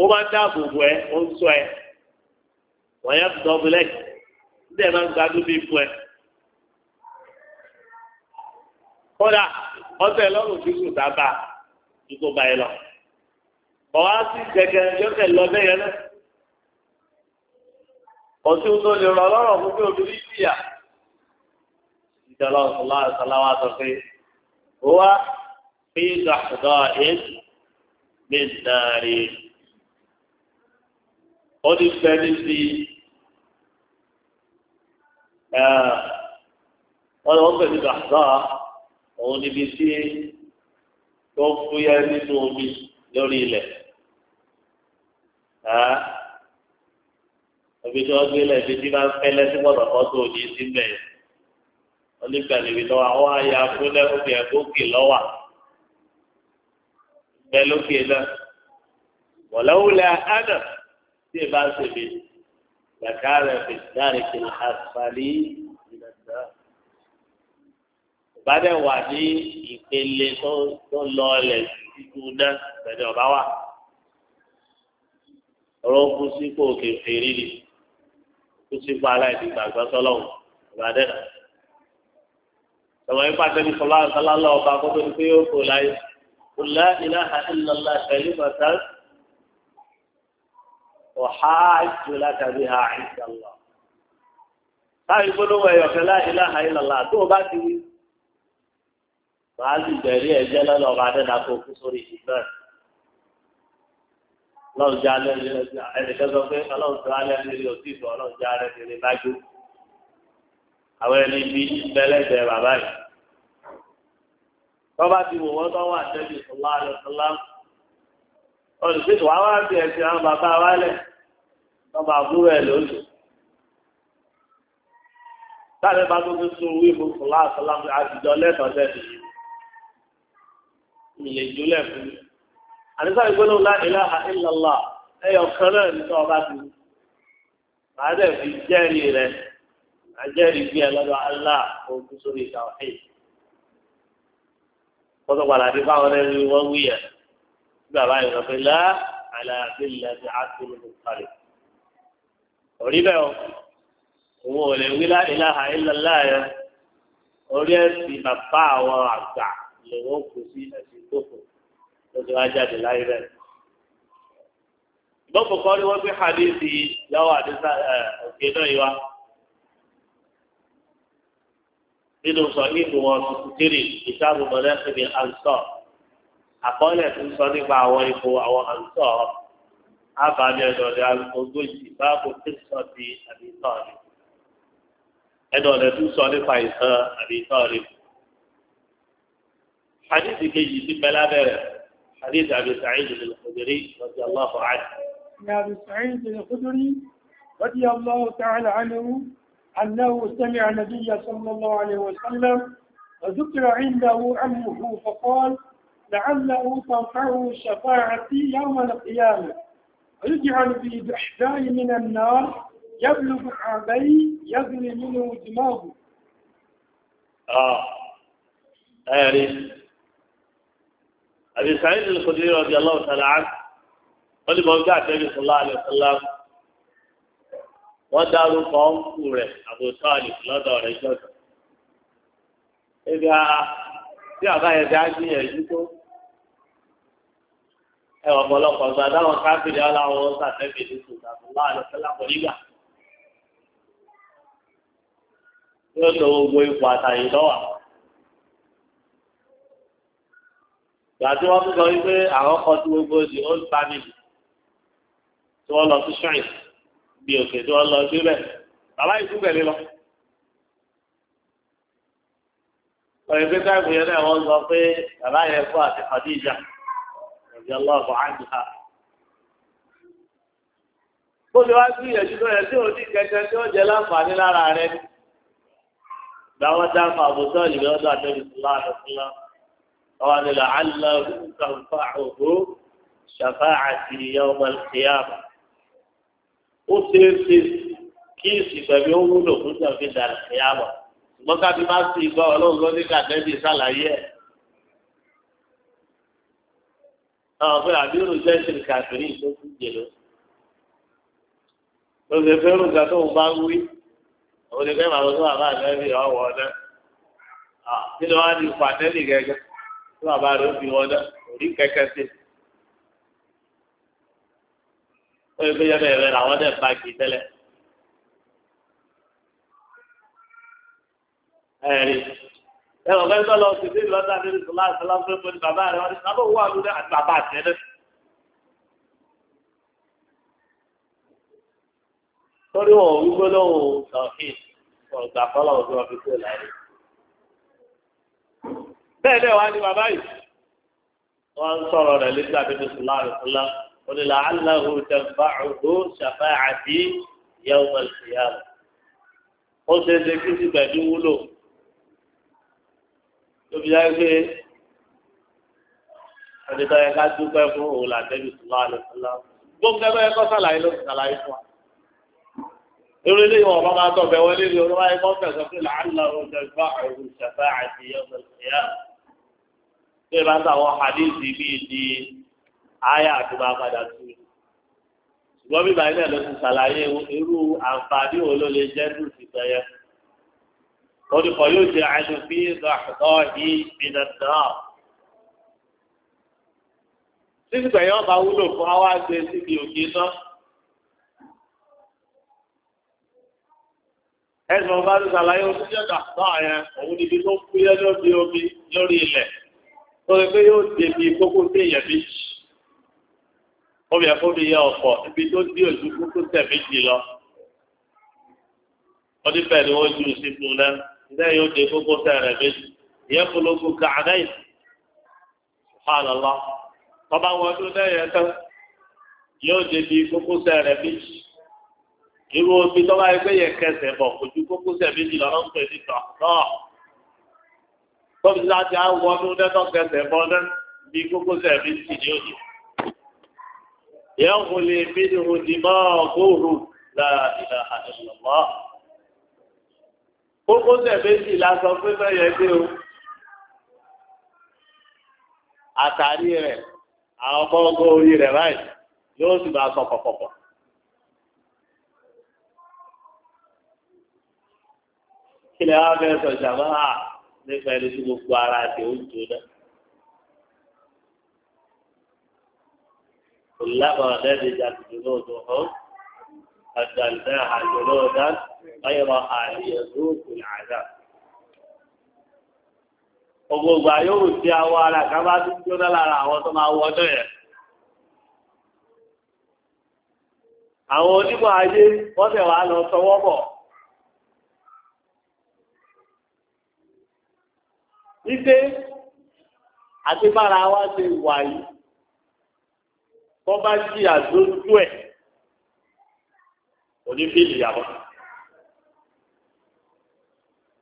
ó bá dáàbò bò ẹ́ ó ń sọ ẹ́ wọ́n yẹ kùtọ́ bulẹ̀ ndé máa ń gbádùn bí fún ẹ. kódà ọ̀sẹ̀ lọ́rùn tí kò sábà ju kó báyìí lọ. ọ̀wá sí gẹ́gẹ́ yọkẹ̀ lọ bẹ́ẹ̀ yẹn náà. ọtí tó lè rọ lọ́rọ̀ fún bí obìnrin bìyà. ìjọba ọ̀sọ̀lá ọ̀sọ̀lá sọ pé wá fi ìgbàgbọ́ ẹ̀ mi nàárí. ó ti fẹ́ ní ti wọ́n lọ́wọ́ pẹ̀lú àgbà òun níbi tí tó fúyẹ́ nínú omi lórí ilẹ̀ ibi tí wọ́n gbé lẹ̀ ibi tí wọ́n fẹ́ lẹ́sìn gbọ́dọ̀ kọ́ tó ní sí wọ́n ní gbàlè ibi tó wọ́n á ya fúnlẹ̀ òkè ẹ̀kọ́kè lọ́wà bẹ́ẹ̀ lókè náà wọ́lọ́wọ́lẹ́ àdà tí ì bá ṣe mi. لكان في الدارك الأسفل من النار بعد وادي يقل تولى تكون بدأ بوا رب سيكو كفيري كسيكو على دماغ سلام بعدين sọ̀rọ̀ yìí pàṣẹ ní sọ̀rọ̀ àṣàlá lọ́wọ́ bá gbọ́dọ̀ ní pé ó kò láyé kò lá ìlàhà ìlàlá ṣẹlẹ̀ bàtà ọ̀hájú látàrí ha àìsàlá. Táyì gbólóhùn ẹ̀yọ̀kẹ́ la ilaha illallah tó o bá ti wí. Màá sì bẹ̀rẹ̀ ẹ̀jẹ̀ lọ́nà ọba dẹ́dà kó kú sórí ìgbà. Ọlọ́run jẹ́ alẹ́ rí ẹnìkan sọ pé ọlọ́run tó alẹ́ rí rí òtí ìfọ̀ ọlọ́run jẹ́ alẹ́ rí rí bájú. Àwọn ẹni bí bẹ́lẹ́dẹ̀ bàbá yìí. Tọ́ba ti wò wọ́n tọ́ wà tẹ́lẹ̀ sọ́lá. olùsí wàá wá e ẹ̀sìn àwọn bàbá wa lẹ̀ wọ́n bá ẹ̀ lóṣù. Táàbí bá tuntun sun wíwú fúlá àsálàmù àtijọ́ lẹ́tọ̀ọ́ sẹ́ẹ̀dì yìí. Mi lè ẹni wọ́n bàbá yìí lọ́pẹ́ lá àlàáfíà lẹ́sẹ̀ àti olùkọ́lẹ̀. orí bẹ́ẹ̀ o òun ò lè wí lá ilaha illallah yẹn orí ẹ̀sìn bàbá àwọn àgbà lòun kò sí ẹ̀sìn tó kù tó ti wá jáde láyé bẹ́ẹ̀. ìgbọ́kọ̀ kọ́ ni wọ́n gbé hadithi yàwó àdìsá òkè náà yìí wá. nínú sọ ìgbìmọ̀ tuntun kiri ìṣàbùmọ̀ lẹ́sìn ní ansọ́ọ̀. àkọọ́lẹ̀ tó ń sọ nípa àwọn ipò àwọn àǹtọ̀ àbámi ẹ̀dọ̀dẹ̀ ogójì báàbò tẹ̀sán ti àbítọ́ rẹ̀ ẹ̀dọ̀dẹ̀ tó ń sọ nípa ìtàn àbítọ́ rẹ̀. حديث كيجي في بلابر حديث أبي سعيد الخدري رضي الله عنه عن أبي سعيد الخدري رضي الله تعالى عنه أنه سمع النبي صلى الله عليه وسلم وذكر عنده أمه فقال لعله تنفعه شفاعتي يوم القيامة يجعل في دحداء من النار يبلغ عبي يغلي منه دماغه آه أعرف آه، يعني. أبي سعيد الخدري رضي الله تعالى عنه قال بوجع النبي صلى الله عليه وسلم ودعوا قوم كورة أبو طالب لا دار إذا إذا يا àbá yẹn dá ẹ ọ̀pọ̀lọpọ̀ gba dáwọn káfíìrì aláwọ̀ sàtẹ́bì ní sùdàbù láàrin sẹ́lápọ̀ nígbà. yóò tó gbogbo ipò àtàyè lọ́wà. ìgbà tí wọ́n sọ wípé àwọn kan tí gbogbo di old family tí wọ́n lọ sí shrine bí òkè tí wọ́n lọ síbẹ̀ bàbá yìí tún lọ. ọ̀rẹ́ pé káàkiri yẹn náà sọ pé bàbá yẹn kú àti Khadija radiyallahu anha. Bó ṣe wá gbìyànjú tó yẹ tí ò ní kẹ̀kẹ́ tí ó jẹ láǹfààní lára rẹ̀ ni. Gbàwọ́ dáhùn àbùtọ́ ìlú ọ̀dọ́ àtẹ́bí sílá àdọ́sílá. Ọwọ́ ni là á lọ kàǹfà òhó ṣàfáàtì yawma al-qiyamah. Ó ṣeé ṣe kí ìsìnkẹ̀mí ó wúlò fún ṣàfihàn ìyàmọ̀. Ṣùgbọ́n ká bí má sí ìgbà ọlọ́run lọ́dún kàtẹ́bí sàlàyé ẹ̀. àwọn pé àbírù jẹ́ ṣe kàfìrí tó kú jèlò ló ṣe fẹ́ rúgà tó ń bá wí òun ni fẹ́ màá lọ́sọ́ àbá àtẹ́bí ọ̀wọ́ ọ̀dẹ́ kí ló wá ní pàtẹ́lì gẹ́gẹ́ bàbá rẹ̀ ó fi orí kẹ́kẹ́ sí. làwọn bá kì í tẹ́lẹ̀. ẹ̀rí ẹ wọ fẹ sọ lọ sí sí lọdà nínú sọlá sọlá fún ẹgbẹ bàbá rẹ wọn ní sábà wà lórí àti bàbá àti ẹdẹ. torí wọn ò wúgbó lóhùn sọfìn ọgbà fọlọ ọdún ọdún tó láyé. bẹ́ẹ̀ bẹ́ẹ̀ wá ní bàbá yìí wọn sọ̀rọ̀ rẹ̀ nígbà nínú sọlá rẹ sọlá wọn ni làálàhù tẹfà ọhún ṣàfà tóbi yá pé ẹni tó yẹ ká dúpẹ́ fún òun làtẹ́bí sùlá àlùfúlá gbogbo ẹgbẹ́ ẹ̀kọ́ sàlàyé ló ti sàlàyé fún wa. irú ilé ìwọ̀n bá máa tọ̀ bẹ̀ wọlé ní olúwa ẹ̀kọ́ fẹ̀sọ̀ pé làálà òun tẹ̀ gbá òun ṣẹ̀fẹ́ àti ọ̀sẹ̀ ìyá. bí ìbá sàwọn hadithi bíi di aya àti padà sí i. ṣùgbọ́n bíbá ilé ló ti sàlàyé irú àǹfààní wo ló lè jẹ́ dùn sí tẹ́yẹ orúkọ yóò ṣe àlùfí ràdọ́ọ̀hì ìdàdà. sísìkò ẹ̀yọ́ bá wúlò fún wa wá gbé síbi òkè náà. ẹ̀sùn ọba ti ṣàlàyé oníṣẹ́ dàgbà yẹn òun níbi tó fúyẹ́ lórí omi lórí ilẹ̀ tó rẹ pé yóò débi kókó sí èèyàn méjì. omi ẹ̀fọ́ mi yẹ ọ̀pọ̀ ibi tó dí òjú kókó tẹ̀ méjì lọ. wọ́n ní bẹ́ẹ̀ ni wọ́n ju sí fún náà ǹjẹ́ yóò dé gbogbo sẹ́rẹ̀ méjì ìyẹn polongo gàdáì subhanallah tọ́ba wọnú lẹ́yìn tán yóò dé bí gbogbo sẹ́rẹ̀ méjì irú omi tọ́ba ẹgbẹ́ yẹn kẹsẹ̀ bọ̀ kò ju gbogbo sẹ́rẹ̀ méjì lọ́nà ń pè ní tọ̀ náà tọ́bi láti á wọnú lẹ́tọ̀ kẹsẹ̀ bọ̀ náà bí gbogbo sẹ́rẹ̀ méjì ni ó yẹ. يغلي منه دماغه لا إله إلا الله kókó tẹ̀méjì lásọ pé mẹ́yẹ dé o àtàrí rẹ̀ àwọn ọmọ ọgọ́ orí rẹ̀ báyìí yóò sì máa sọ pọ̀pọ̀pọ̀. kílẹ̀ wá fẹ́ sọ ìjàmbá hà nípa ẹni tí gbogbo ara ti ó ń jóná. kò lábàá ọ̀dẹ́ni ìjà tuntun náà tó hàn. أسألناها جنودا غير آلية العذاب gbogbo àyòwò tí a wọ ara kan bá tún lára àwọn tó máa wọ ọdún yẹn. àwọn onímọ̀ ayé wọ́n tẹ̀ wá lọ sọwọ bọ. wípé àti bára wa wà yìí bá jí òní fíìlì yàtọ̀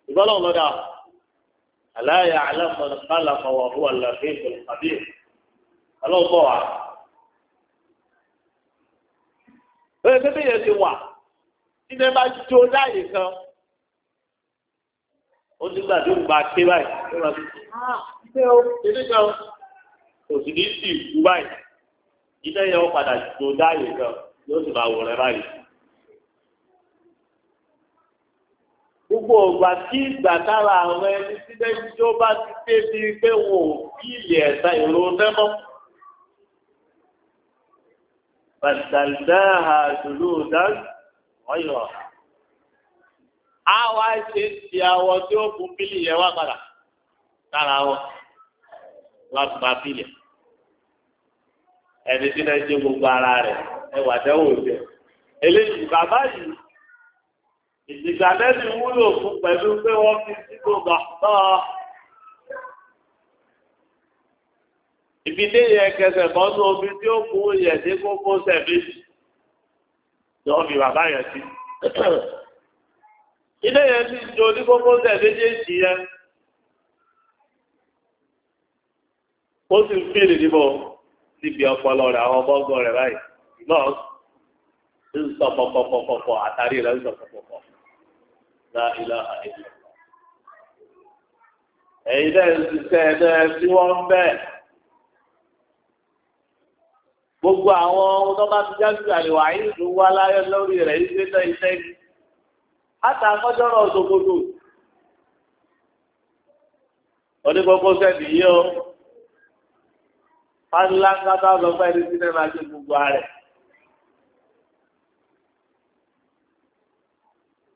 ìgbọ́lọ́ lọ́dà aláya aláfọ̀nà kálàfọ̀ wà fún àlàfé ìfọ̀lùkàbí ọlọ́gbọ̀ wa. bẹ́ẹ̀ pépé yẹn ti wà nígbà bá jó láàyè kan ó ti gbà tó gba ké báyìí ó máa fi ṣe ó ṣe kan kò sì ní sí ìkú báyìí ó padà jó láàyè kan yóò sì máa wọ̀ rẹ báyìí. gbogbo ọgbà kí ìgbà tára àwọn ẹni sílẹ̀ tí ó bá ti dé bí pé wò ó kí ilẹ̀ ẹ̀ta ìró tẹ́mọ́. Bàtàldáhà dùlù dán ọ̀yọ̀. A wá ṣe ti àwọn tí ó bu pílì yẹn wá padà tára wọn láti gba pílì. Ẹni sílẹ̀ ṣe gbogbo ara rẹ̀ ẹwà dẹ́wò jẹ. Eléyìí bàbá yìí ìdìgbà lẹ́nu wúlò fún pẹ̀lú pé wọ́n fi síkò gbàgbọ́ ibi dé yẹ kẹsẹ̀ kan ní omi tí ó kú yẹ dé kókó sẹ̀mí lọ́ fi bàbá yẹn sí ilé yẹn ti jo ní kókó sẹ̀mí méjèèjì yẹn ó sì ń fèrè níbọ̀ níbi ọpọlọ rẹ̀ àwọn ọmọ ọgbọ́n rẹ̀ báyìí náà ń sọ pọpọpọpọ àtàrí rẹ̀ ń sọ pọpọ la ilaha illa ẹ̀yin náà ti tẹ́ ẹ náà tí wọ́n ń bẹ̀. gbogbo àwọn ohun tó bá ti jáde àlèwà ayé ló wá láyé lórí rẹ̀ yìí pé náà iṣẹ́ ni. àtà àkọ́jọ́rọ̀ òṣogbodo. onígbogbo sẹ́ni yìí ó. fáńlá bá lọ fẹ́ẹ́ ní sílẹ̀ máa ṣe gbogbo rẹ̀.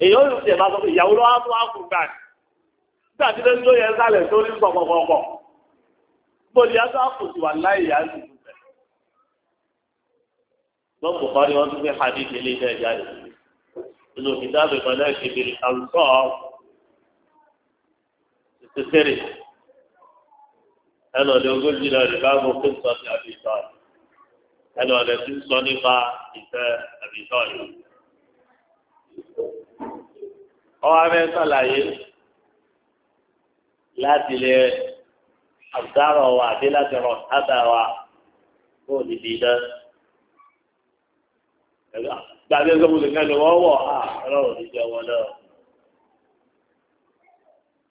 èyí ó ṣe bá pé ìyàwó ló wá mú gbà ní nígbà tí lóyún ló yẹ sálẹ̀ tó ní pọ̀pọ̀pọ̀pọ̀ mo lè yàtọ̀ àkùn sí wà láì yà sí ìfẹ́. lọ́pọ̀ kan ni wọ́n tún fi hadi délé iṣẹ́ ìjáde nínú kìtàbù ìpínlẹ̀ kébìrì àlùsọ náà rẹ̀ báwo kó sọ ẹnu ọ̀dẹ tí ń sọ nípa ìfẹ́ àbíṣọ́ ọwọ́ abẹ́ sàlàyé láti lè àbúdárọ̀ wa àbí láti rọ̀ ádà wa kó dìdì dán. Gbàgbé sọ́kùnrin kan ló wọ́n wọ̀ á ọlọ́run ní jẹ́ wọn náà.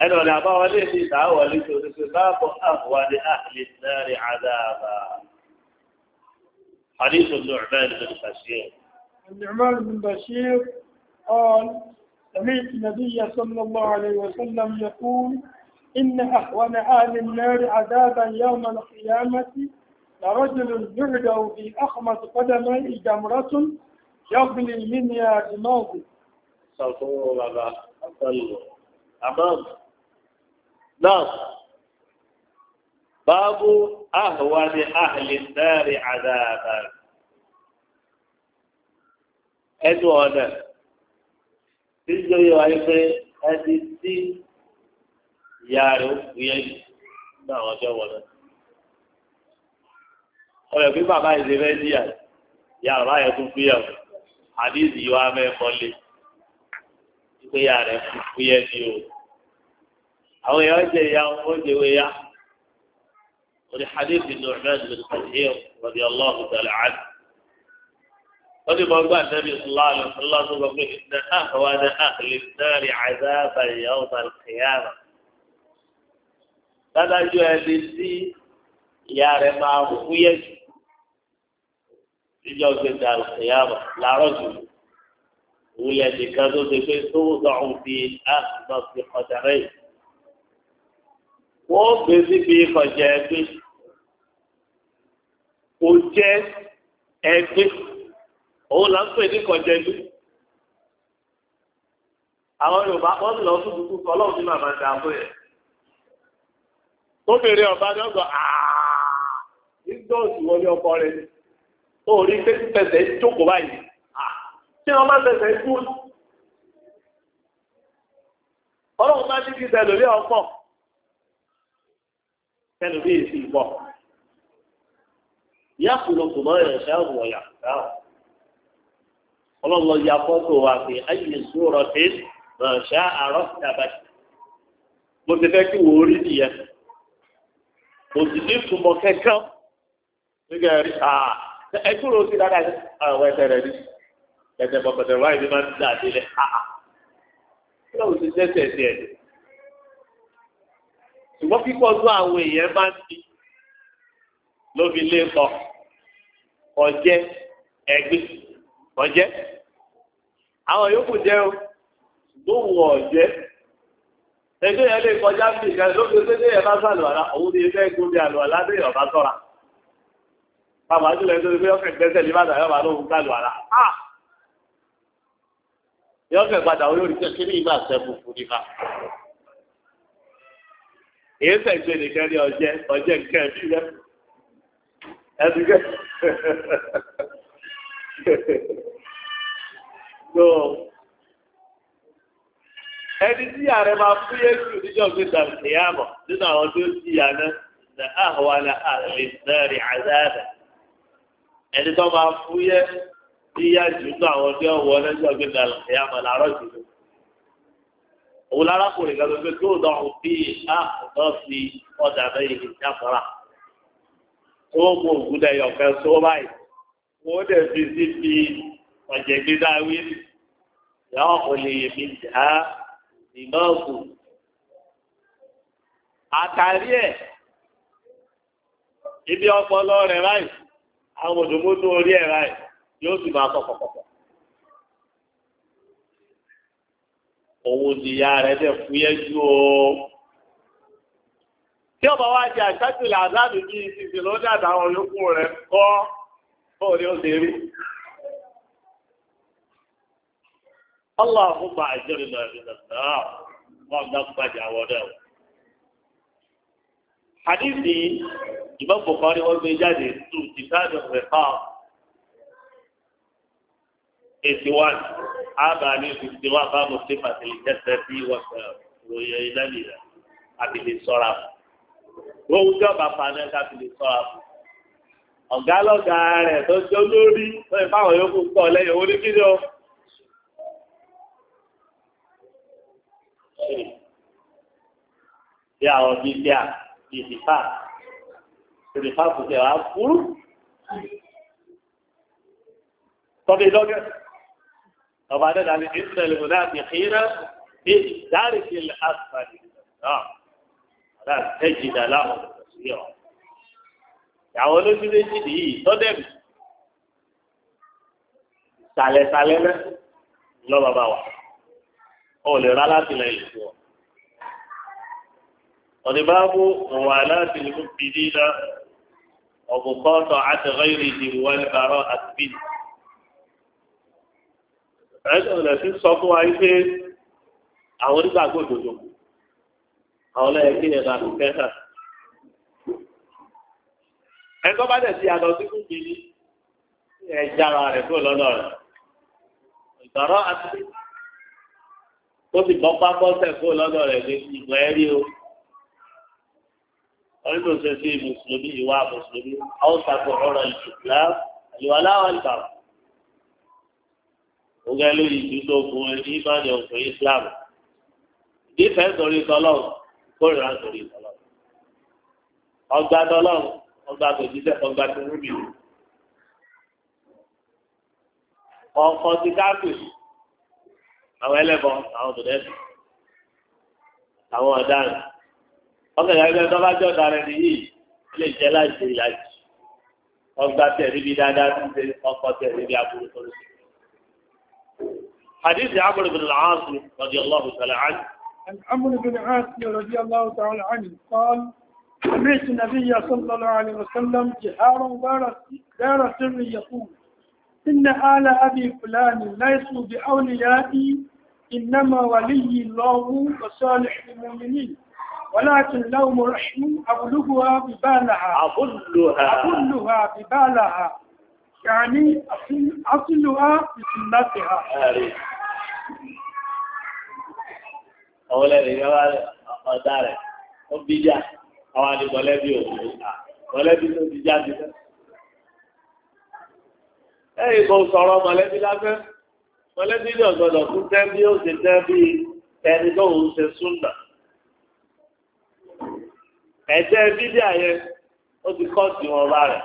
Ẹnu ọ̀nà àbáwọlé ní ìdáwọlé tó ti fi báàbọ̀ àbúwálé àhìlì náà rí àdáàbà. حديث النعمان بن بشير النعمان بن بشير قال سمعت النبي صلى الله عليه وسلم يقول إن أهون أهل النار عذابا يوم القيامة لرجل بعده في أخمص قدمه جمرة يغلي منها يا صلوا بابا صلوا أمام نعم باب أهون أهل النار عذابا أدوانا tí yóò yọ wáyé pé ẹni tí ìyá rẹ̀ ó fi yẹn ní àwọn ọjọ́ wọn náà. ọ̀rẹ́ pé bàbá yìí ṣe fẹ́ jìyà ìyá bàbá yẹn tún fi yẹn àdéhùn ìwà mẹ́fọ́ lé pé ìyá rẹ̀ fi yẹn ní o. àwọn èèyàn jẹ ìyá wọn ó jẹ ìwé yá. ولحديث النعمان بن بشير رضي الله تعالى عنه wọ́n ti mọ gbọ́ àtẹ́bí sùláàlù sùláàlù sọ pé ìdá àkọwá dá àkìlì sáré àzáàbà ìyàwó sàlùkìyàrá. dádájú ẹni tí ìyá rẹ̀ máa fúyẹ́ jù níjọ́ gbẹ̀dà sàlùkìyàrá làárọ̀ jù wúlẹ̀ nìkan tó ti pé tó dọ̀hún fi àkùnà sí ọjà rẹ̀. wọ́n gbé síbi ìkọ̀jẹ́ ẹgbẹ́ kò jẹ́ ẹgbẹ́ òun là ń pè ní kọjẹlú àwọn yorùbá wọn sì lọ fún dúdú kọ ọlọ́run ní màmá ti àpò yẹn tó bèrè ọba ní ọgbà àà nígbà òsì wọlé ọkọ rẹ tó rí pé pẹsẹ jókòó báyìí tí wọn bá pẹsẹ kú ọlọ́run bá ní kí sẹ lórí ọkọ sẹnu bí èsì ìbọ yàtúlọ kò mọ ẹ̀ṣẹ́ àwòrán ọlọ́lọ́ ya fọ́tò wa pé ayé sóòrọ̀ tí ṣá àárọ̀ tàbá mo ti fẹ́ kí wò rí nìyẹn kò sì ní túmọ̀ kankan nígbà rí à ẹ kúrò sí dáadáa sí àwọn ẹsẹ̀ rẹ̀ rí ẹsẹ̀ pọ̀pọ̀tẹ̀ wáyé mi máa ń dà délẹ̀ àà kí lóò ti dẹ́sẹ̀ sí ẹ̀ ṣùgbọ́n kíkọ́ tó àwọn èèyàn máa ń di ló fi lé kọ ọjẹ́ ẹgbẹ́ ọjẹ́. àwọn yòókù jẹ́ o ọ̀jẹ́ ẹgbẹ́ yẹn lè kọjá bí ìgbà lókè tẹ́lẹ̀ yẹn bá sàlùwàlá òun ni ẹgbẹ́ ẹgbẹ́ omi àlùwàlá dé ọ̀bá tọ́ra bàbá jùlọ ẹgbẹ́ pé gbẹ́sẹ̀ ní bàtà yọba lóhùn sàlùwàlá a yọkẹ̀ padà orí orí kẹ́kẹ́ ní ìgbà sẹ́fù fún ní èyí sẹ̀gbẹ́ nìkan ní ọjẹ́ ọjẹ́ nǹkan ẹ̀mí tó ẹni tí ààrẹ máa fún yéṣu níjọ́ gbé dàbí nínú àwọn tó ti yà náà ní àhùwálà àrẹ náírà àzáàdà ẹni tó máa fún yẹ yíyá jù nínú àwọn tí wọ́n wọlé gbé dàbí àmọ́ làárọ̀ jù òun kan tó bí àkùtọ́ fi ọjà tó mú báyìí wọ́n dẹ̀ fi sí fi yàwọn kò lè yẹ fi dà á ìmọ̀ọ́kù àtàrí ẹ̀ ibi ọpọlọ rẹ̀ báyìí àwọn òdòmódò orí ẹ̀ báyìí yóò sì máa kọ̀kọ̀kọ̀kọ̀. òun ni ìyá rẹ̀ dẹ̀ fúyẹ́ ju o. tí ọba wa di àṣàtìlẹ̀ àdáàdù bíi ìsinsin lọ́dọ̀ àtàwọn yòókù rẹ̀ kọ́ bọ́ọ̀ ó ṣe rí. اللهم أجرنا من النار وأنا أقبل ونعم حديثي إمام بخاري والمجاد سوء كتاب الرقاق 81 عام 1961 باب صفة الجسد والرؤية àti lè sọ́ra fún gbogbo ìjọba panẹ́ láti lè sọ́ra fún ọ̀gá lọ́gàá rẹ̀ tó jọ lórí tó ìfáwọn yòókù pọ̀ lẹ́yìn oníkíni o. bí àwọn bíi bíà bíi ìdìpá ìdìpá kò tẹ̀ wá fúrú tọ́bi lọ́gẹ̀ ọba dẹ́dà ní ìsìnlẹ̀ mọ̀dá àti ìhìnà bí ìdárì sí ilẹ̀ àtìpàdé náà ọ̀dà tẹ́jìdà láwọn ìgbàsí ọ̀ àwọn olójú méjì nìyí tọ́dẹ̀mù sàlẹ̀sàlẹ̀ náà lọ́ba bá wà ó lè rá láti lẹ́yìn fún ọ̀dìbáàbò wà láti lè fi dídá ọ̀bùkọ́tọ̀ àti rẹ́rì ìdìbò ẹlẹ́bàárọ̀ àti bí. ẹ̀sùn rẹ̀ sì sọ fún wa pé àwọn onígbàgbọ́ òdodo àwọn ọlọ́yẹ̀ kí ẹ̀rọ àti kẹta. ẹ̀kọ́ bá dẹ̀ sí àlọ́ sí fún mi ní ẹ̀jára rẹ̀ kúrò lọ́dọ̀ rẹ̀. ìgbàrọ̀ àti bí. ó bọ́ pápọ́ sẹ̀ kúrò lọ́dọ̀ rẹ̀ ní ìgbà ẹ̀rí o ọdún tó ṣe sí mùsùlùmí ìwà mùsùlùmí haúsàkó ọ̀rọ̀ ìṣùkúlá ìwà láwọn ìgbà oge lórí ìdúró fún ẹni ìbáni ọ̀sán Islam ìdífẹ́ sọ̀rí sọlọ́ kórìíra sọ̀rí sọlọ́ ọgbà tọlọ́ ọgbà tòjíṣẹ́ ọgbà tó rúbì ọkọ̀ ti káàpì àwọn ẹlẹ́bọn àwọn tòdẹ́sì àwọn ọ̀daràn. حديث عمرو بن العاص رضي الله تعالى عنه عن عمرو بن العاص رضي الله تعالى عنه قال سمعت النبي صلى الله عليه وسلم جهارا دار سر يقول إن آل أبي فلان ليسوا بأوليائي إنما ولي الله وصالح المؤمنين ولكن لو مرحم أبلغها ببالها أبلها أبلها ببالها يعني أصلها بسنتها أولا لقد أدارك أبجا أولا بلدي بلدي أبجا بلدي ẹ̀yìn kan sọ̀rọ̀ mọ̀lẹ́bí lábẹ́ mọ̀lẹ́bí ní ọ̀gbọ̀dọ̀ fún tẹ́bí ó ṣe tẹ́bí ẹni tó ń ṣe súnà ẹ̀jẹ̀ bíbí àyẹ ó ti kọ́ sí wọn bá rẹ̀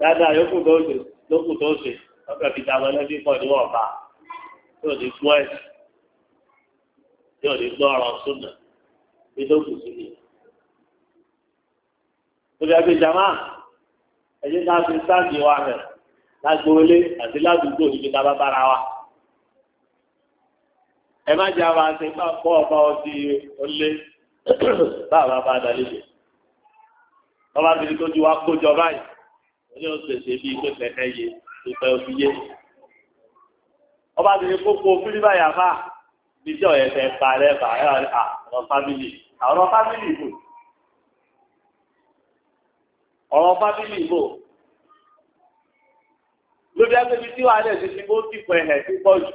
dáadáa yókù tó ṣe lókù tó ṣe ọkọ̀ fi dàgbọ́ lẹ́bí pọ̀ ní wọ́n bá tí ò ní gbọ́ ẹ̀ tí ò ní gbọ́ ọ̀rọ̀ súnà bí lókù sí ni. Òbí àgbè jàmá ẹ̀jẹ̀ náà fi sáàdì wa rẹ̀ lágbóolé àti ládùúgbò níbi tá a bá bára wa ẹ má jẹ́ àwọn àti ìgbà pọ̀ ọba ọtí olé. báwa bá dalejò ọba bìrì tó ju wa kójọ báyìí ó ní òṣèṣe bíi pé pẹ̀kẹ́ yé ìpẹ́ òfin yé ọba bìrì kókó fúlí báyà fà bí tí ọ̀yẹ́ fẹ́ pa rẹ̀ bà ẹ̀ àwọn fámìlì àwọn fámìlì ìbò ọ̀rọ̀ fámìlì ìbò lóbi agbẹ́bí tí wàá lẹ̀ sí ti bó ti pọ̀ ẹ̀hẹ̀ sí pọ̀ jù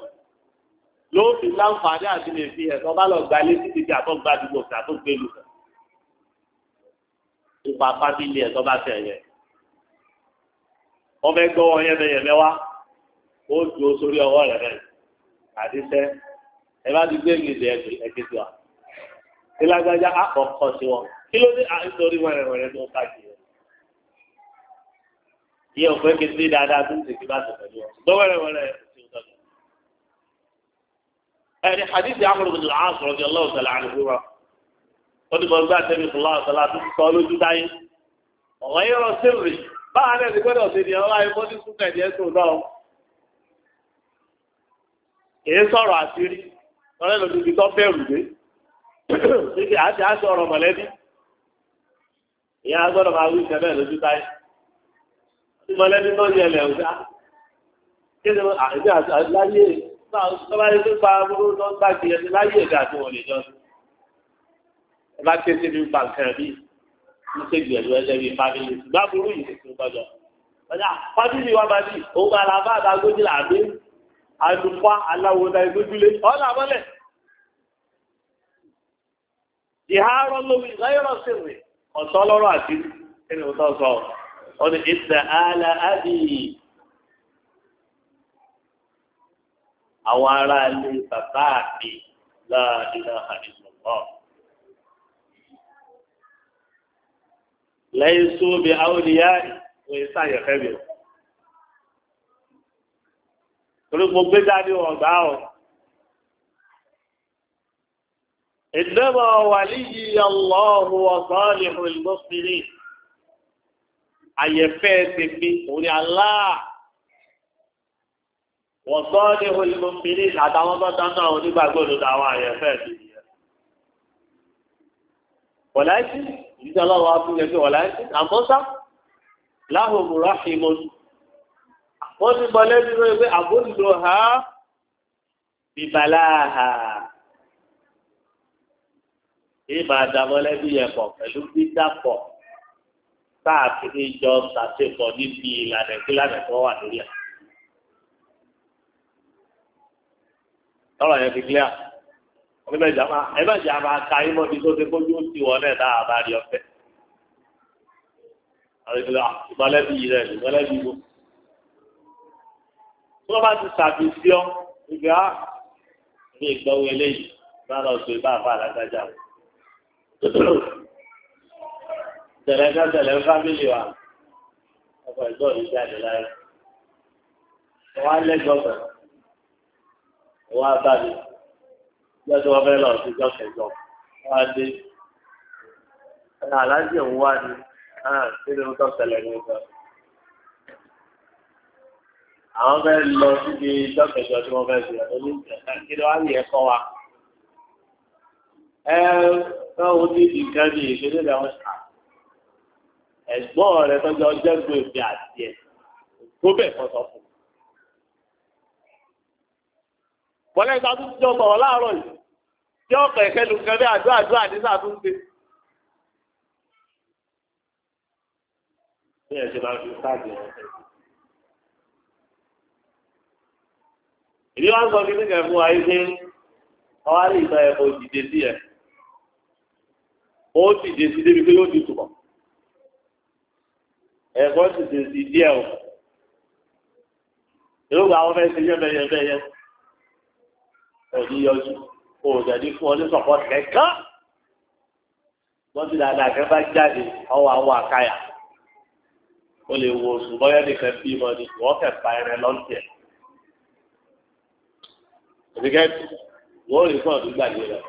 yóò fi láǹfààní àti lè fi ẹ̀sọ́ bá lọ gbalé títí di àtọ́gbà àdúgbò tí àtọ́gbà èlù kan. Ipa fábílì ẹ̀sọ́ bá tẹ̀ yẹn. Wọ́n fẹ́ gbọ́ wọn yẹ́mẹyẹ̀mẹ wá. Ó ju sórí ọwọ́ rẹ̀ rẹ̀. Àdísẹ́ ẹ bá ti gbé mi lè ẹ̀dùn ẹ̀kẹ́tì wa. Ìlágbájá àkọ́kọ́ sí wọn. Kí ló dé àìsórí wọn ẹ̀rọ rẹ̀ tó ká yẹn? Ìyẹn òfin kìí sí dáadáa tó ń tètè bá tẹ̀ ẹni hadithi amúlò bin al-aas radiyallahu ta'ala anhu wa wọ́n ti gbọ́dọ̀ àti ẹni fúnlá ọ̀sán láti sọ lójú dáyé ọ̀wọ́n yìí rọ sírì báwa náà ti gbọ́dọ̀ ṣe ìdíyàn láyé mọ́ ní súnkẹ̀ ìdíyẹ tó náà èyí sọ̀rọ̀ àṣírí lọ́rẹ́ lòdì ibi tó bẹ̀rù dé síbi àti àṣọ ọ̀rọ̀ ìyá gbọ́dọ̀ máa wí ìṣẹ́ lójú táyé mọ̀lẹ́bí náà yẹ lẹ̀ kí ni àti láyé tọ́ba lè tó gba aburú lọ gba gbìyànjú láyé ìgbà tó wọlé jọ ẹ bá ké síbi gba nǹkan bí mo ṣe gbìyànjú ẹsẹ bíi fábílì ṣùgbọ́n aburú yìí tó gbọdọ̀ ọjà fábílì wa bá dì òun bá làbá àdágójì làbí àdùpá aláwo ta ìgbójúlé ọ̀là mọ́lẹ̀ ìhárọ̀ lórí ìgbáyọ̀rọ̀ sí rẹ̀ ọ̀tọ́ lọ́rọ̀ àti ẹni tó sọ ọ ní ìtẹ̀ àlà àdìyí. àwọn ará ilé bàbá mi láàdínà àdìsọ̀kọ́. lẹ́yìn sóbi àwòdìyá ìwé sàyẹ̀fẹ́ mi. torí mo gbé dání ọ̀gbá ọ̀. إنما ولي الله وصالح المسلمين àyẹ̀fẹ́ ti fi òun aláà wọ́n sọ ọ́ ní olùmọ̀mìnì àtàwọn tó dáná àwọn onígbàgbọ́ ló da àwọn àyẹ̀fẹ́ mi nìyẹn. wọ̀láìsì ìdíjọ́ ọlọ́wọ́ afúnjẹ pé wọ̀láìsì àmọ́sá láhùn mùrọ̀ ìmọ̀lú. wọ́n ti bọ́ lẹ́nu lórí pé àbójútó ha bìbàlá ha. ìmọ̀ àdàmọ́lẹ́bí yẹn pọ̀ pẹ̀lú dídàpọ̀ sáà fi jọ sàṣepọ̀ níbi ìlànà ìpínlẹ̀ tó lọ́rọ̀ yẹn fi clear oníbẹ̀ jàmbá ẹ̀bẹ̀ jàmbá ka yín mọ́bi tó ti kójú ti wọ́n náà dáa bá rí ọ̀fẹ́. àlejò ìgbàlẹ́bí ah, yìí rẹ̀ ìgbàlẹ́bí yìí tí wọ́n bá ti sàbí sí ọ ìgbà ah, ní ìgbọ́wọ́ eléyìí bá lọ sọ ibà àbá àlágájà. tẹ̀lẹ́ ká tẹ̀lẹ́ fámìlì wa ọkọ̀ ìgbọ́ mi láyé. wọ́n á lẹ́gbọ̀ọ́ wá bá mi lọ́dún fẹ́ lọ síjọ́ kẹjọ wá dé aláàjì òun wá ní nínú tó ṣẹlẹ̀ ní ọjọ́ àwọn fẹ́ lọ síbi ìjọ kẹjọ tí wọ́n fẹ́ ṣe ọdún kí ló wá ní ẹ̀kọ́ wa ẹ lọ́wọ́ ní nǹkan bíi ìṣẹ́lẹ̀ làwọn ṣà ẹ̀gbọ́n rẹ̀ tọ́jú ọjọ́ gbé òfin àti ẹ̀ tó bẹ̀ kọ́ fún bọ́lá ìta ti jọ sọ̀rọ̀ láàárọ̀ yìí tí ọ̀pọ̀ ẹ̀kẹ́ lu kan bí ní sàtúnṣe. bí ẹ ìdí wa ń sọ kíní kẹ fún wa yìí pé ọwọ́ àlè ìtọ́ ẹ̀ kò sí ẹ̀ ó dìde sí débi pé yóò di tùbọ̀ ẹ̀kọ́ dìde sí díẹ̀ o èrò àwọn ọmọ ẹ̀sìn yẹ́bẹ̀yẹ́bẹ̀yẹ́ òní yọjú kò dẹ̀dí fún ọ ní sọ̀pọ̀ kẹ̀kẹ́ wọ́n ti dáadáa kẹ́ bá jáde ọwọ́ àwọn àkáyà o lè wo oṣù bọ́yá nìkan bí mọ ni wọ́n kẹ̀ pa ẹrẹ lọ́ńtẹ̀ òṣìkẹ́ wọ́n rí fún ọdún gbàgbé rẹ̀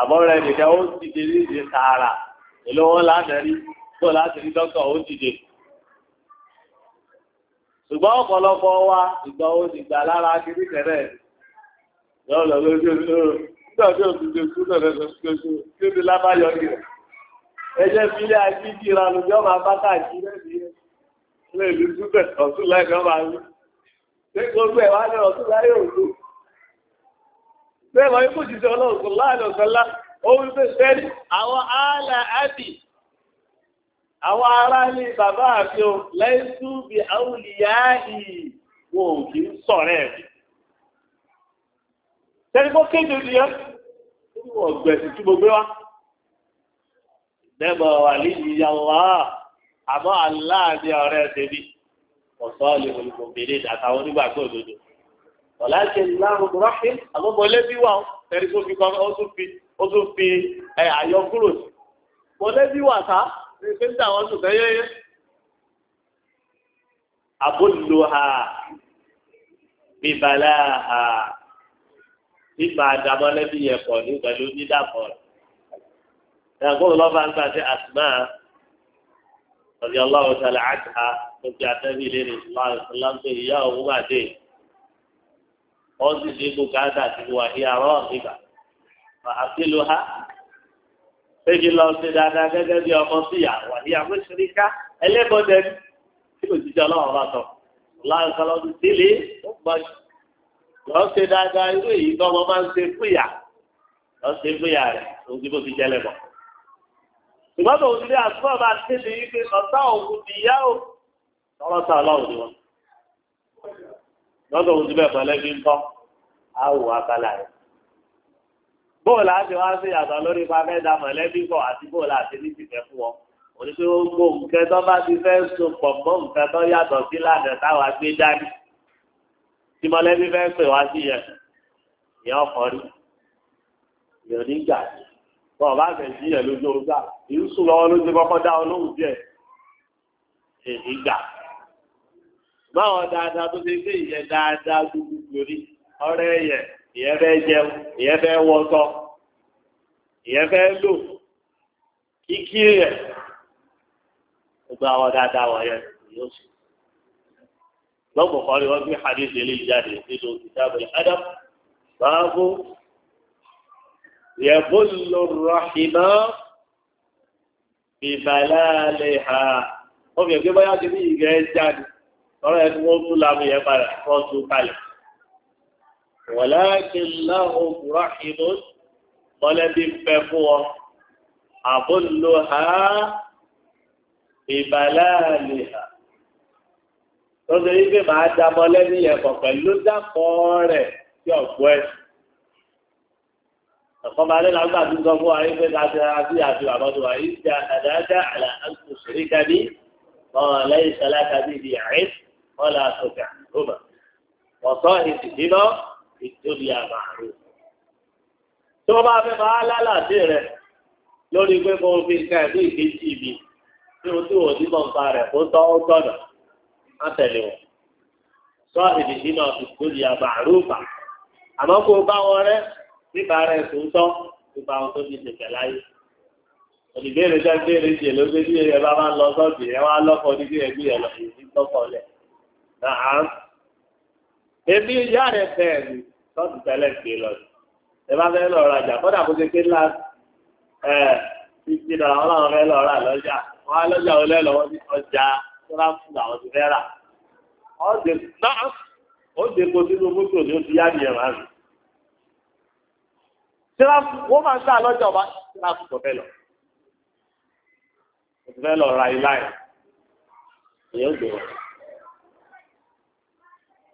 àbọ̀rẹ̀ nìkan ó ti dé ní ìdí sàárà èlò wọn láti rí tó láti rí dókítà ó ti dé ṣùgbọ́n ọ̀pọ̀lọpọ̀ wa ìgbà wo ni ìgbà lára kiri tẹ́lẹ̀ yọ lọ lórí olóró nígbà tí òkú ti kú lọ́dọ̀ tó ti kú kí ni lábáyọ ni rẹ̀ ẹjẹ́ fi ilé ayé kí ra lóbi ọmọ abáká kiri rẹ̀ ní ìlú súpẹ̀ ọ̀tún láìpẹ́ ọmọ àwọn ṣé gbogbo ẹ̀ wá ní ọ̀tún láyé òkú bẹ́ẹ̀ mọ̀ ikú ti sọ ọlọ́ọ̀kú láàrín ọ̀sán lá ó wí pé sẹ́ni àwọn ààlà àbí àwọn ará ilé bàbá àfi o lẹ́sùn bí àwùlíyá yìí wò kì í sọ̀rọ̀ ẹ̀. tẹ́lifó kéde nìyẹn ó ní wọ́n gbẹ̀sì tí mo wá. dẹ́gbọ̀ wà ní ìyàwó àmọ́ aláàbí ọ̀rẹ́ tèmi ọ̀sọ́ lè wọlé gbòmìnira àtàwọn onígbàgbọ́ òdodo. ọ̀la ṣe láàrùn rọ́pìn àmọ́ mọ̀lẹ́bí wà ó tẹ́lifó fi kọ́ ó tún fi wà ṣe ń dà wọ́n sùn kẹ́yẹ́yẹ́ abúlùhà bíbalàhà bíbà àdàmọ́lẹ́bí yẹn pọ̀ ní pẹ̀lú dídàpọ̀ ẹ̀gbọ́n lọ́ba ń gbàdé àtúmá ọ̀dí ọlọ́run sọlá àtà tó fi àtẹ́bí ilé rẹ̀ sọlá ń pè ìyá òun wà dé wọ́n sì dín kó gáàdà sí wàhíà rọ́ọ̀ nígbà wàhálà péjì lọ sí dáadáa gẹ́gẹ́ bí ọmọ sí ìyàwó àti ìyàwó ìṣiríká ẹlẹ́bọ̀dẹ tí kò jíjẹ ọlọ́run bá tọ̀ láǹkà lọ́dún sílé ó gbọ́ lọ sí dáadáa irú èyí tó ọmọ máa ń ṣe fúyà lọ sí fúyà rẹ̀ òun tí kò ti jẹ́lẹ̀ bọ̀. ṣùgbọ́n tó ń lé àtúbọ̀ máa tẹ̀lé yìí pé ọ̀tá òun ti yá o tọ́rọ́ sá ọlọ́run ni wọn. lọ́dọ̀ òun ti bẹ̀ pẹ̀lẹ́ bí ń tọ́ á wò á bóòlù àti wá sí yàtọ̀ lórí pàfẹ́ da mọ̀lẹ́bí pọ̀ àti bóòlù àti ní tìfẹ́ fún wọn oníṣẹ́ gbogbo nǹkan tó bá ti fẹ́ so pọ̀ mọ́ nǹkan tó yàtọ̀ sí lànà táwa gbé dání tí mọ̀lẹ́bí fẹ́ pè wá sí yẹn ìyẹn ọkọ̀ rí ìyẹn nígbà tó ọba àgbẹ̀ sí yẹn lójú orúkà ìrúsùn lọ́wọ́ ló ti kọ́kọ́ dá olóhùn díẹ̀ ìgbà báwọn dáadáa tó ṣe gbé ìyẹn dáadáa ìyẹn fẹ́ jẹun ìyẹn fẹ́ wọṣọ ìyẹn fẹ́ lò kíkí rẹ̀ gbogbo àwọn dáadáa wọ̀nyẹn yóò sùn. lọ́gbọ̀n kan ni wọ́n gbé hadith ilé ìjáde nínú kitabul adab báàbò yẹ̀bùlù rahimá bìbàlá lẹ́hà. ó fi ẹ̀gbẹ́ báyọ̀ ti ní ìgbẹ́ jáde lọ́rọ̀ ẹ̀ wọ́n tún lámú yẹn padà wọ́n tún kalẹ̀. ولكن lahum rahimon mọ́lẹ́bí ń bẹ fún wọn àbúlò ha ìbàláàlì ha tó ṣe yí pé màá da mọ́lẹ́bí yẹn pọ̀ pẹ̀lú dàpọ̀ rẹ̀ sí ọ̀pọ̀ ẹ̀ ọ̀kan bá lé lágbà tó sọ fún wa yí pé láti àti àti àbọ̀dọ̀ wa yí àlà àti kábí wọn ìtòrí àmàrò. Tí wọ́n bá fẹ́ bá lálàdé rẹ̀ lórí pé mo fi nǹkan ẹ̀dùn ìkejì mi tí mo tí wò ní mọ̀npa rẹ̀ kó tọ́ ó tọ̀nà á tẹ̀lé wọn. Sọ èdè nínú ìtòrí àmàrò fà. Àmọ́ kó bá wọn rẹ́ nípa rẹ̀ tó tọ́ nípa ohun tó ti ṣẹ̀ṣẹ̀ láyé. Olùbéèrè jẹ́ béèrè jẹ́ ló gbé bí ẹ bá máa ń lọ sọ́ọ̀tì ẹ wá lọ́kọ̀ọ́ ní bí ẹbí ẹ lọ èyí tọ́kọ̀ lẹ̀. Nàá èmi ìyá rẹ̀ fẹ́ mi sọ́ọ̀tù tẹ́lẹ̀ gbé lọ sí ẹ bá fẹ́ lọ rajà kọ́dà kó ṣe pé ńlá ẹ títí náà wọn làwọn fẹ́ lọ rà lọ́jà wọn á lọ́jà wọn lọ́wọ́ sí ọjà tó rà fún àwọn ti fẹ́ rà ọ̀dẹ náà ó dé ko sínú mọ́tò ní oṣù ẹ̀ máa máa ń sá lọ́jà ọba lọ kò fẹ́ lọ ra ilá ẹ̀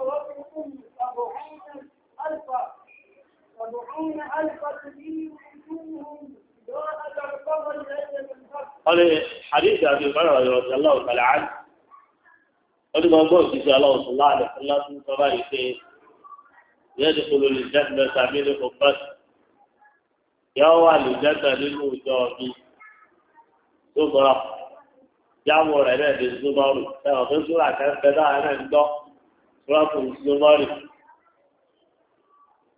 ربكم سبعين ألفا سبعين ألفا تجيب وجوههم قال حديث أبي هريرة رضي الله تعالى عنه قال ما قلت إن شاء الله صلى الله عليه وسلم فبارك يدخل الجنة من قبته يوى الجنة للمجاوب زمرة jáwọ́ rẹ̀ náà ní zúmọ́rù ẹ̀wọ̀n tó súnra kan fẹ́ náà náà ń dán kúrọ́tù zubọ́rì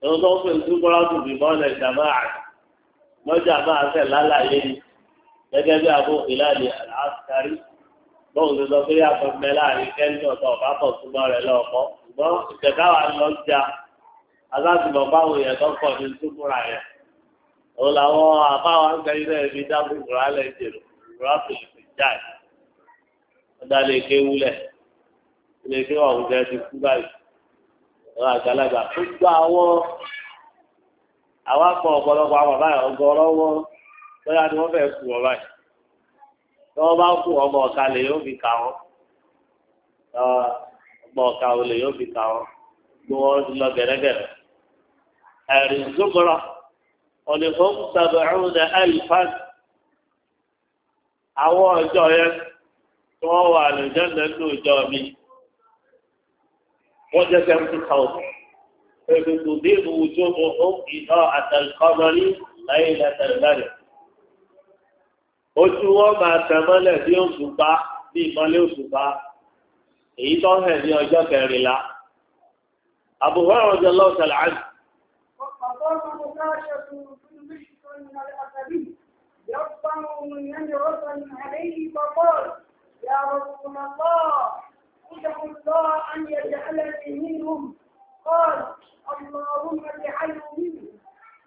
ẹ̀rọ tó ń pè ní kúrọ́tù bìbọ́lẹ̀ jàmáà mọ́jà máa fẹ́ lálàyé ni gẹ́gẹ́ bí abó ìlàlì àlàáfíàrí bọ́ọ̀n tó sọ pé yàtọ̀ mẹ́ láàrin kẹ́ńtì ọ̀tọ̀ ọ̀bá pọ̀ súnmọ́ rẹ̀ lọ́ọ̀kọ́ ṣùgbọ́n ìtẹ̀káwá lọ ja aláàtìmọ̀ báwo yẹn tó pọ̀ ní túbúra yẹn òun làwọn àbáwọn akẹ́yìn náà fi dábò ìbúra lẹ̀ jèrò ìbúra fèlè ilé ìfẹ́ ọ̀hún jẹ́ ti kú báyìí ọ̀rọ̀ àgbàlagbà tó gbọ́ àwọn àwọn akọ ọ̀pọ̀lọpọ̀ àwọn lọ́yà ni wọ́n fẹ́ kú báyìí tí wọ́n bá kú ọmọ ọ̀ka lè yóò fi kà wọ́n ọmọ ọ̀ka ò lè yóò fi kà wọ́n gbọ́ wọn lọ gẹ̀rẹ́gẹ̀rẹ́ wọ́n jẹ́ seventy thousand. Ebi a dé bu ojú mu ó iná àtàlùkọ́mọ́lì láyé látàlùbárẹ̀. Ojú wọn máa tẹ̀ mọ́lẹ̀ bí òṣùpá bí ìmọ́lẹ̀ òṣùpá. Èyí tó hẹ̀ ní ọjọ́ kẹrìnlá. Abu Hurairah radiyallahu ta'ala anhu. يقطع من نمرة عليه فقال يا رسول الله ادعوا الله أن يجعلني منهم قال اللهم اجعله منهم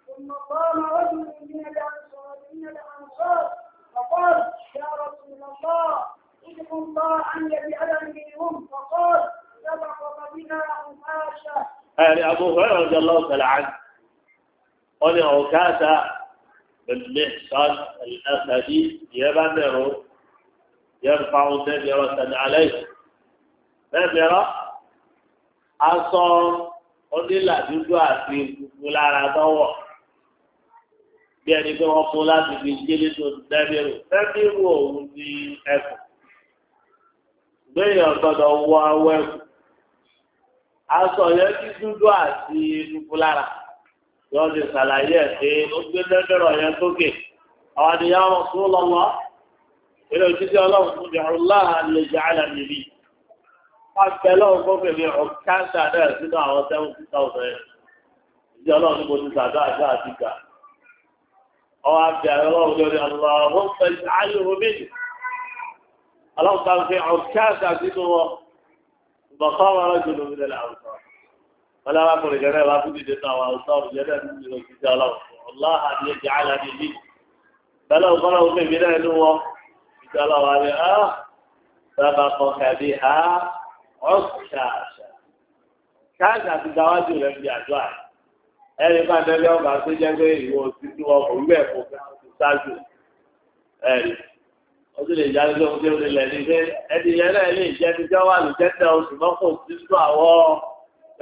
ثم قام رجل من الأنصار من الأنصار فقال يا رسول الله ادعوا الله أن يجعلني منهم فقال سبقك بنا أنفاسا يعني أبو هريرة رضي الله تعالى عنه قال عكاسة بن محصن الأسدي يبنر يرفع النبي رسل عليه bẹ́ẹ̀bẹ̀rọ aṣọ onílà dúdú àti gbogbo lára lọ́wọ́ bí ẹni pé wọ́n kó láti fi jẹ́lé tó dẹ́bìrù dẹ́bìrù òun ní ẹ̀kọ́ gbẹ̀yìn ọ̀gbọ́dọ̀ wọ awọ ẹ̀kọ́ aṣọ yẹn ti dúdú àti gbogbo lára yóò ti ṣàlàyé ẹ̀ pé ó gbé dẹ́bìrù yẹn sókè àwọn àdìyàn ọ̀sùn lọ́wọ́ ilé òṣìṣẹ́ fún mi láàrin lè jẹ́ àlàyé bíi pàṣẹlọ gbọ́bẹ̀mí ọ̀káńtà náà sínú àwọn seven six thousand yẹn ìdí ọlọ́run ní mo ti sàdó àjọ àti gà ọwọ́ àbí ọlọ́run lórí ọlọ́run pẹ̀lú ayélujára ọlọ́run bá ń fi ọ̀káńtà sínú wọn bọ̀kọ́ wọn lọ́jọ́ lórí ilẹ̀ àwùjọ wọn lára kò lè gẹ́rẹ́ wá fún àwọn àwùjọ òjò náà ní ìlú ìdíje ọlọ́run ọlọ́run àti ẹ̀jẹ̀ àlàyé yìí bẹ́ẹ̀ lọ́wọ́ bọ́lá ah, Bàbá kan kàbí ha ah, ọ̀ṣàṣà káàkiri àti dáwájú rẹ̀ ń àjọ àyè ẹni bá dẹ́lẹ́ ọba tó jẹ́ pé ìwọ ti tú ọkọ̀ ìwé ẹ̀kọ́ ti ṣáájú ẹ̀rí ọdún lè jáde lóhun tí ó lè lẹ́ni pé ẹni yẹn náà lè jẹ́ ti jẹ́ wà lùjẹ́ tẹ oṣù mọ́kò tí tú àwọ̀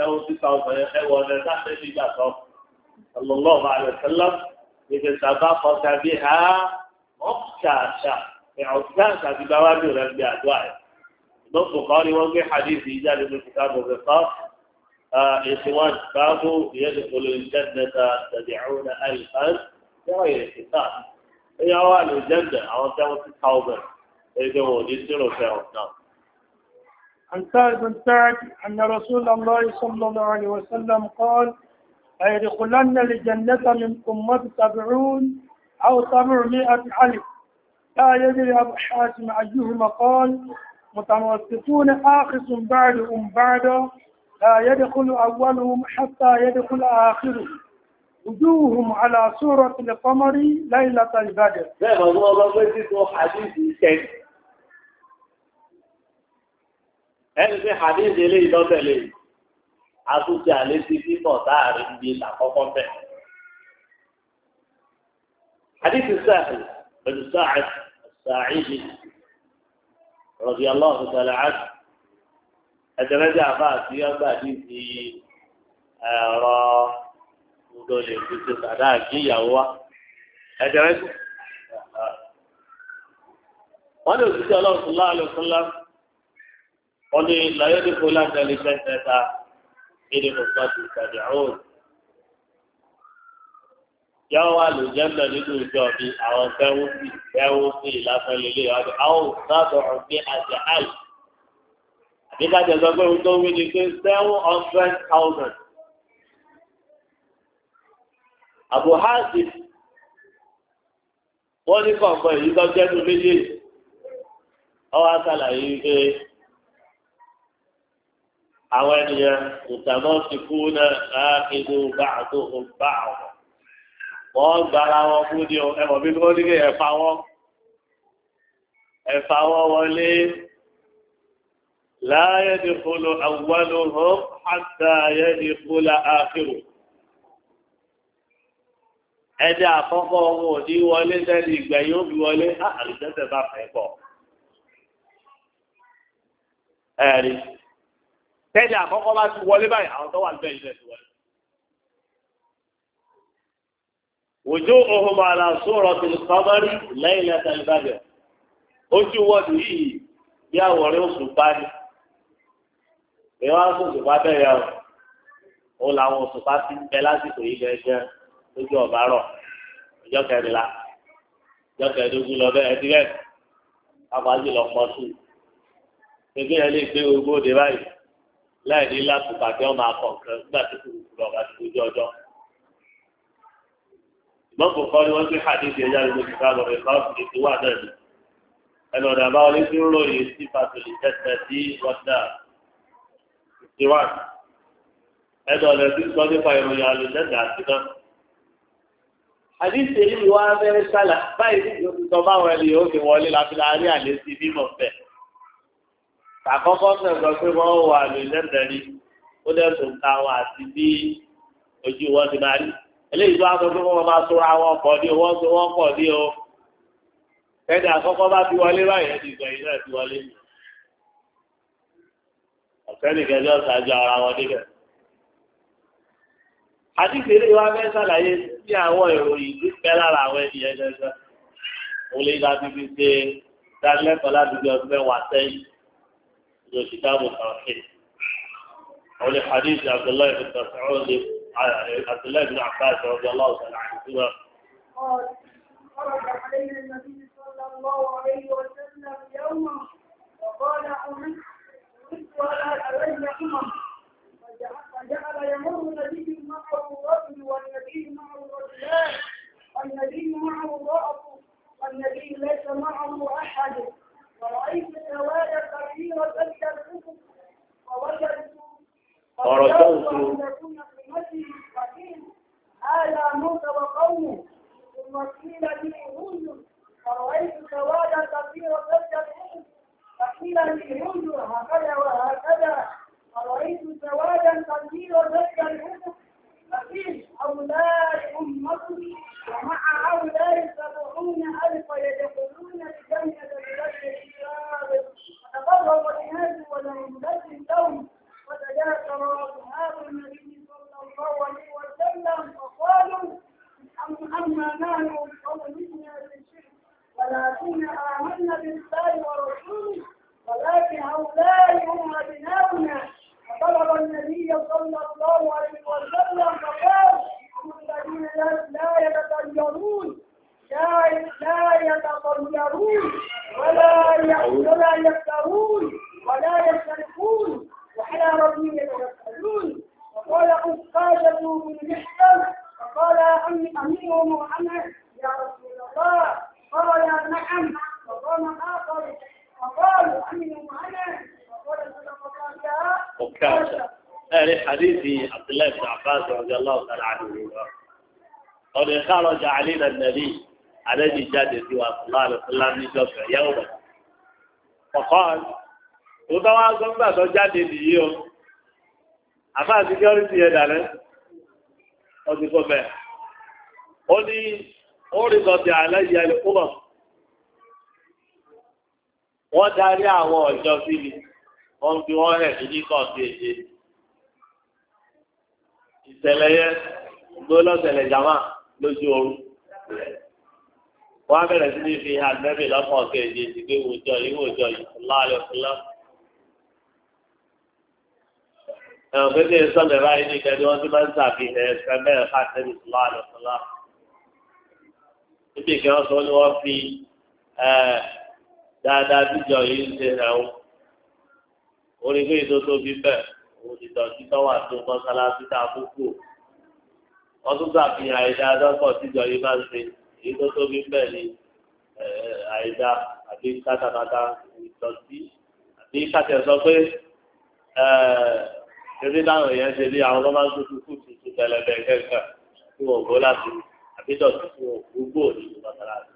ẹ̀wọ̀n tí ta ọkọ̀ yẹn ẹ̀wọ̀n ọ̀dẹ sáfẹ́ ní ìgbà tó ọlọ́lọ́ ọba rẹ̀ tẹ́lẹ̀ ìgbè sábà kọta bí ha ọ̀ṣàṣà ìhàwùjá àti dáwájú rẹ̀ ń di àjọ بالبخاري وفي حديث إجابة الكتاب والرقاق إخوان كانوا يدخل الجنة تدعون ألفا يا حساب هي أوائل الجنة أو تاوت التوبة يدعون يسيروا فيهم نعم عن سعد بن سعد أن رسول الله صلى الله عليه وسلم قال أيدخلن الجنة منكم ما سبعون أو سبعمائة ألف لا يدري أبو حاتم أيهما قال متوسطون آخص بعضهم بعضا لا يدخل أولهم حتى يدخل آخرهم وجوههم على صورة القمر ليلة البدر. بẹ́ẹ̀ mọ̀ wọ́n bá gbé títún àdíjì ìṣẹ́ ẹni pé àdíjì ilé ìdọ́tẹ̀lé àtúnṣe àlétí pípọ̀ táàrin bíi àkọ́kọ́ bẹ́ẹ̀. àdíjì sáà lọ́dún sáà sáà ìlú rọ̀bì aláwọ̀ sọ̀rọ̀ àti ẹ̀dẹ̀rẹ́dẹ̀ àbá àti ọgbà níbi ẹ̀rọ gbogbo lè fi ṣe sàdá àti ìyàwó wa ẹ̀dẹ̀rẹ́dẹ̀. wọ́n ní òṣìṣẹ́ ọlọ́run sọlá àlùsọ́lá wọ́n ní láyé dìbò láti ẹni tẹ́tẹ́ta ìdìbò sọ́ọ̀tì ìtàdí àwọn òṣìṣẹ́ yọ wà ló jẹ́nà nínú ìjọ mi àwọn fẹ́wọ́ sí fẹ́wọ́ sí ìlànà lélẹ̀ ọdún àwọn sábà ọ̀gbìn àti àì. àbíkájẹ sọ pé ohun tó wí ni pé seven hundred thousand. Abu Hazim wọ́n ní kọ̀ọ̀kan èyí tó jẹ́nu méjèèjì ọwọ́ àṣàlàyé pé àwọn ènìyàn ìtàmọ́ ti kú náà láàkínú báàtó báàtó wọ́n gbára wọn fún ní ẹmọ̀ bí wọ́n ní ẹ̀fà wọn ẹ̀fà wọn wọlé láyé ní kúlò àwọlò hàn àtàyé ní kúlò àkìrò ẹdẹ àkọ́kọ́ wọn ò wọlé sẹ́ni ìgbà yóò fi wọlé àrùjẹ́sẹ̀ bá fẹ́ pọ̀ ẹ̀rí tẹ́lẹ̀ àkọ́kọ́ bá ti wọlé báyìí àwọn tó wà níbẹ̀ yìí lẹ́sìn wọlé. وجوههم على صورة القمر ليلة البدر ojú wọ́ọ̀dù yìí bí àwọ̀rẹ́ oṣù bá ní ìwọ́n aṣọ oṣù bá bẹ̀rẹ̀ ọ̀ ó làwọn oṣù bá ti ń bẹ lásìkò yìí gẹ́gẹ́ lójú ọ̀bá rọ̀ ọjọ́ kẹrìnlá ọjọ́ kẹẹ̀ẹ́dógún lọ bẹ́ẹ̀ ẹtí bẹ́ẹ̀ àpájù lọ pọ̀ sí i yẹn lè gbé ogbó de báyìí láì ní látùbà tí wọ́n máa nígbà tí kò kúrò ọ̀gá ti dojú ọjọ́ ìmọ̀n kò kọ́ ni wọ́n ti hàdí ìdí ẹja ìlú ìta lọ́rọ̀ ìfọ́ ìdí wà náà ni ẹnu ọ̀dà bá wọlé tí ń ròyìn sí pàtòlì tẹ́tẹ́ sí wọ́dà fifty one ẹnu ọ̀dà tí ń sọ nípa ìròyìn àlùjẹ́dà àti náà. àdìsí èyí wá fẹ́rẹ́ sálà báyìí ní ìsọ báwọn ẹni yóò fi wọlé láfíà rí àlè sí mímọ̀ bẹ́ẹ̀. àkọ́kọ́ sọ̀rọ̀ pé wọ́n wà àlùjẹ́dà ni eléyìí tó aṣọ fún wọn máa sọra wọn pọ̀ ní o wọ́n sọ wọ́n pọ̀ ní o ẹni àkọ́kọ́ bá ti wọlé báyìí ẹni ìgbẹ̀yìn náà ti wọlé nù ọ̀sẹ́nìkẹ́ ní ọ̀sán ju ara wọn níbẹ̀. àdìsí ilé wa fẹ́ ṣàlàyé sí àwọn ìròyìn tó pẹ́ lára àwọn ènìyàn gẹ́gẹ́ òun lè dájú fi ṣe dánilẹ́kọ̀ọ́ láti bí ọdún mẹ́wàá sẹ́yìn ní عبد الله بن عباس رضي الله تعالى عنهما قال خرج علينا النبي صلى الله عليه وسلم يوما وقال أمرت على علي أمم فجعل يمر النبي معه الرجل والنبي معه الرجلان والنبي معه الرأس والنبي ليس معه أحد ورأيت سواد كثيرة تلك الأفق ووجدت ọ̀rọ̀ tó ń sọ. Thank you. وتذاكر أصحاب النبي صلى الله عليه وسلم فقالوا أما نحن في الشرك ولكن آمنا بالله ورسوله ولكن هؤلاء هم أبناؤنا فطلب النبي صلى الله عليه وسلم فقال هم الذين لا يتطيرون لا يتطيرون ولا ولا يفترون ولا يسرقون وعلى ربهم يتوكلون وقال قد خرجوا بالمحكم فقال أمي أميرهم وأنا يا رسول الله قال نعم وقام آخر فقالوا أميرهم وأنا وقال صدق الله يا أهل حديث عبد الله بن عباس رضي الله تعالى عنه قد خرج علينا النبي عليه جاده صلى الله عليه وسلم يوما فقال tó táwọn agbọ́ngbà tó jáde nìyí o àfáà síkírọ́rìtì yẹn dàlẹ́ ọdún kọ bẹ́ẹ̀ ó ní ó rí kọtì àlẹ́yẹ ẹlẹ́kúbọ̀ wọ́n darí àwọn ọ̀jọ́ sí mi wọ́n fi wọ́n rẹ̀ ní kọ̀ọ̀tì èdè ìṣẹ̀lẹ̀ yẹn gbólọ́sẹ̀lẹ̀ jama lójú ooru wọ́n á bẹ̀rẹ̀ sí ní fi hàn nẹ́bì lọ́kọ̀ọ̀kẹ́ èdè ìdígbé wòjọ́ yìí wòjọ́ yìí láàlẹ́ fúnlá. ẹ̀wọ̀n pé kí n sọ̀rọ̀ báyìí ní ìkẹ́ni wọ́n ti máa ń sàfihàn ẹ̀sẹ̀ mẹ́rin fàtẹ́lì tó wà lọ́sọ̀lá. níbi ìkẹ́ ni wọ́n fi dáadáa bíjọ yìí wọ́n tún sàfihàn àìdá dọ́pọ̀ tíjọ yìí máa ń ṣe èyí tó tóbi bẹ́ẹ̀ ni àìdá àbí kátàkátà ìdọ̀tí àbí kátẹ̀ pé ebi táwọn èèyàn ṣe bí àwọn ọlọ́mọ tuntun kú tuntun tẹlẹbẹ kẹkẹ tí wọn bó láti àbídọ̀ tuntun gbogbo nínú bàtàlá rẹ.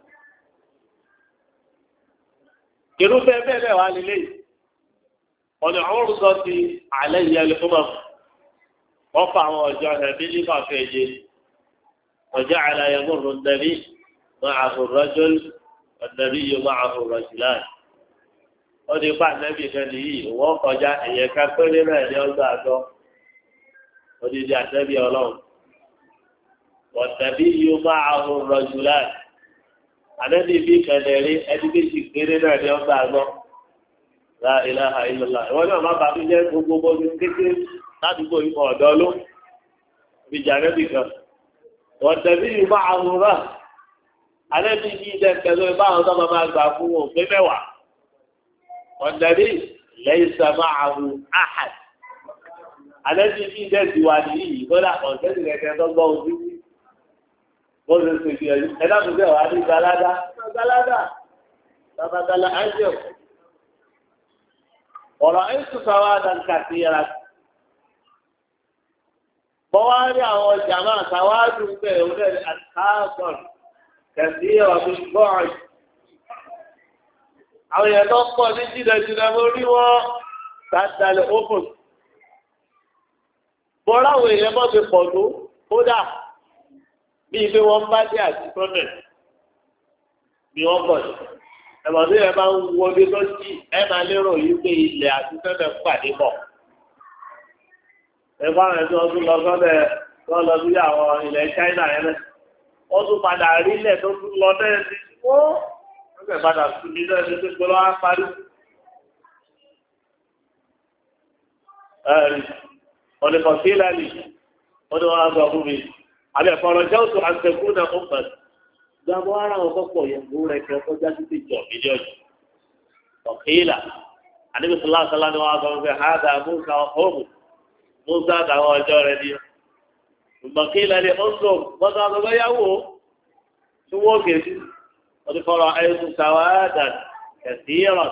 irúfẹ́ bẹ́ẹ̀ bẹ́ẹ̀ wá lélẹ̀ ọ̀nà ọ̀rùn sọ ti alẹ́ yìí ẹni fún mọ̀ wọ́n àwọn ọjọ́ ẹ̀bí nípa fẹ̀yẹ ọjọ́ àlàyé mọ̀rún dẹ̀rí máa àfòrọ́jọ́ dẹ̀rí yóò máa àfòrọ́jọ́ láàyè ó ti pa ànábì kan nìyí wọ́n kọjá ẹ̀yẹ ká péré náà ní ọgbà àtọ́ odidi ànábì ọlọ́run wọ̀tàbí yóò máa ahùn rọ̀jù láti ànábì bí kẹlẹ̀rí ẹni méjì péré náà ní ọgbà àgbọ́ la ilaha illallah ìwọ náà má bàbí jẹ́ gbogbo gbogbo kékeré ládùúgbò ikọ̀ ọ̀dọ́ ló fi jà ànábì kan wọ̀tàbí yóò máa ahùn rà ànábì yìí dẹ́kẹ̀ báwọn tó máa gbà fún òfin mẹ́wàá ọ̀lẹ́rí lẹ́yìn sábà àwọn àhàd alẹ́bí bí dẹ́sí wa nìyí kọ́lá ọ̀sẹ́ni kẹ̀kẹ́ tọ́gbọ́ ojú bó ṣe ṣe fi ẹ̀yìn ẹ̀dá tó bẹ̀ wá ní galada galada babatala angel ọ̀rọ̀ ẹ̀sùn sáwá dànkà sí yàrá bọ́wá rí àwọn jàmáà sáwá dùn bẹ́ẹ̀ òun náà àtàkùn kẹ̀sí ọ̀gbìn bọ́ọ̀lù àwọn èèyàn tó pọ̀ ní jìdẹ̀jìdẹ̀ lórí wọn tàdàlẹ̀ open bọ́lá àwọn èèyàn bọ́ ti pọ̀ tó kódà bí ibi wọn bá dé àti tọ́lẹ̀ bí wọ́n pọ̀ sí ẹ̀mọ̀ tí ẹ bá ń wọlé lọ́jì ẹ máa lérò yìí pé ilẹ̀ àti tọ́lẹ̀ pàdé pọ̀ ẹ̀fọ́ àwọn ẹ̀sìn ọdún lọ sọ́lẹ̀ lọ́ lọ sí àwọn ilẹ̀ China yẹn náà wọ́n padà rí ilẹ̀ tó tún lọ bẹ́ẹ̀ sí wọ́n kẹ̀ padà síbi náà ní pé gbọ́dọ̀ á parí. Ẹ̀rì ọ̀nìkan sí ìlànà wọ́n ní wọ́n á sọ fún mi. Àbẹ̀ fọ̀rọ̀ jẹ́ òtún àtẹ̀kùn náà ó pẹ̀lú. Gbàgbọ́ ara wọn kọ́kọ́ yẹn kó rẹ̀ kẹ́ kọjá sí ti jọ mílíọ̀nù. Ọ̀kìlà àníbi sọlá sọlá ni wọ́n á sọ fún mi. Hádà Mùsà ọ̀hún Mùsà àtàwọn ọjọ́ rẹ̀ ni. Ìgbọ̀kìlà ni ó ń onífọ̀rọ̀ àìsùn sàwádà kẹsíyàn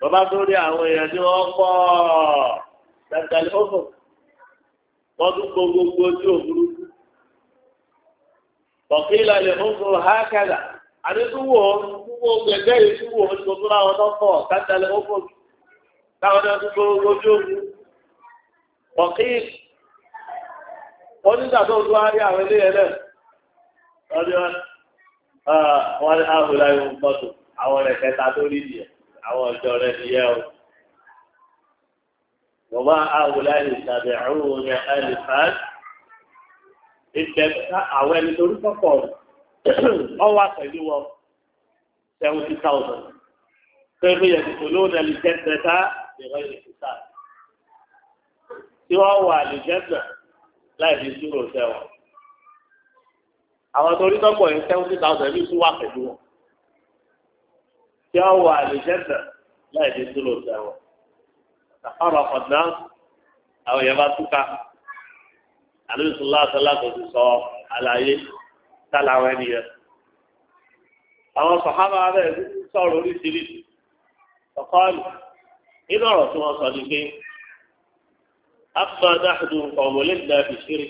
bàbá tó rí àwọn èèyàn ní wọ́n pọ̀ tàbí ọ̀fọ̀ wọ́n tún gbogbo ojú òfurufú bọ̀kílà lè fún fún hákàdà àdétúwò gbogbo gbẹgbẹ́ ìtúwò tuntun láwọn tó pọ̀ ọ̀fọ̀ táwọn gbogbo ojú òfurufú tó rí àwọn náà wọ́n ní ààbò láyé ń pọ̀tù àwọn rẹ̀ kẹta tó rí nìyẹn àwọn ọ̀dọ́ rẹ̀ nìyẹn o. Bàbá ààbò láyé ìtàbí àwọn orin ẹlẹ́fàn. Ìtẹ̀ àwọn ẹni torí pọ̀pọ̀ wọ́n wà pẹ̀lú wọn seventy thousand. Pẹ̀lú yẹn kò lóun ẹni jẹ́sẹ̀ta ìrọ̀ ìrìkìtà. Tí wọ́n wà lè jẹ́sẹ̀ láì fi dúró sẹ́wọ̀n àwọn tó rí tọ́pọ̀ yẹn seventy thousand bí tún wà pẹ̀lú wọn tí ó wà àlùjẹ́sẹ̀ láì dé tó lò sẹ́wọ̀n àfàrọ̀ ọ̀dà àwọn yẹn bá túká àlùsùlá sọlá tó ti sọ àlàyé sálà àwọn ènìyàn àwọn sọ̀hábà rẹ̀ sọ̀rọ̀ oríṣiríṣi ọ̀kọ́ọ̀lù nínú ọ̀rọ̀ tí wọ́n sọ ni pé àpò náà dùn kọ̀ọ̀mù lẹ́gbẹ̀ẹ́ àbìṣírí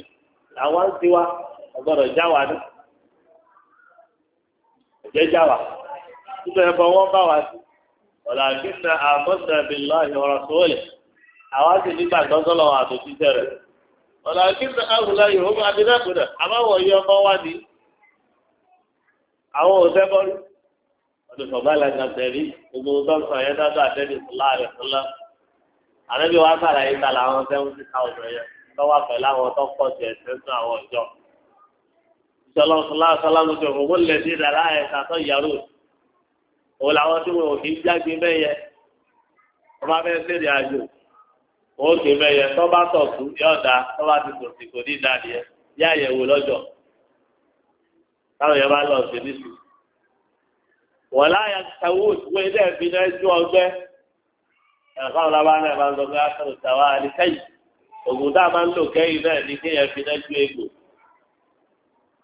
làwọn ti wá ọgbọ́dọ̀ já wa ní jẹ́jà wà nínú ẹbọ wọn bá wà sí ọ̀là kíkà àmọ́sà bìlá ìwọ̀rọ̀ sóòlẹ̀ àwa sì nígbà tọ́sọ́lọ̀ àtòjíṣẹ́ rẹ̀ ọ̀là kíkà àwùlá yòówù abidẹ́kùnrin àbáwọ̀ yìí ọmọ wá ní àwọn òṣèbọ́rí ọdún sọ̀bá lẹ́gbẹ̀ẹ́ tẹ̀lé gbogbo dọ́kítọ̀ yẹn dájọ́ àtẹ́lẹ̀ ìfúnlá rẹ̀ fúnlá àrẹ́bí wa sàlàyé ta làwọn seventy thousand yẹn tọ́wọ́ pẹ̀lú àwọn tó pọ̀ sí ẹ̀sẹ̀ sún àwọn ọjọ́ sọlọ sọlá sọlá ló fẹ́ òun lè dé dàrá ẹ̀ sàtọ̀ yàrá òun làwọn tí wọn ò kí jágbe mẹ́yẹ wọn bá fẹ́ sẹ́rẹ̀ àjò wọn ò kí mẹ́yẹ tó bá tọ̀ tún yọ̀ọ̀dà tó bá ti tò sí kò ní ìdádì ẹ̀ yá àyẹ̀wò lọ́jọ́ táwọn yẹn bá lọ sí nísì wọ́n láyà tàwọn òṣùwọ̀n ilé ẹ̀bí náà ju ọgbẹ́ ẹ̀fọ́ àwọn lábá náà máa ń lọ bí wọ́n á sọ̀rọ̀ tàwọn àdìsẹ́yìn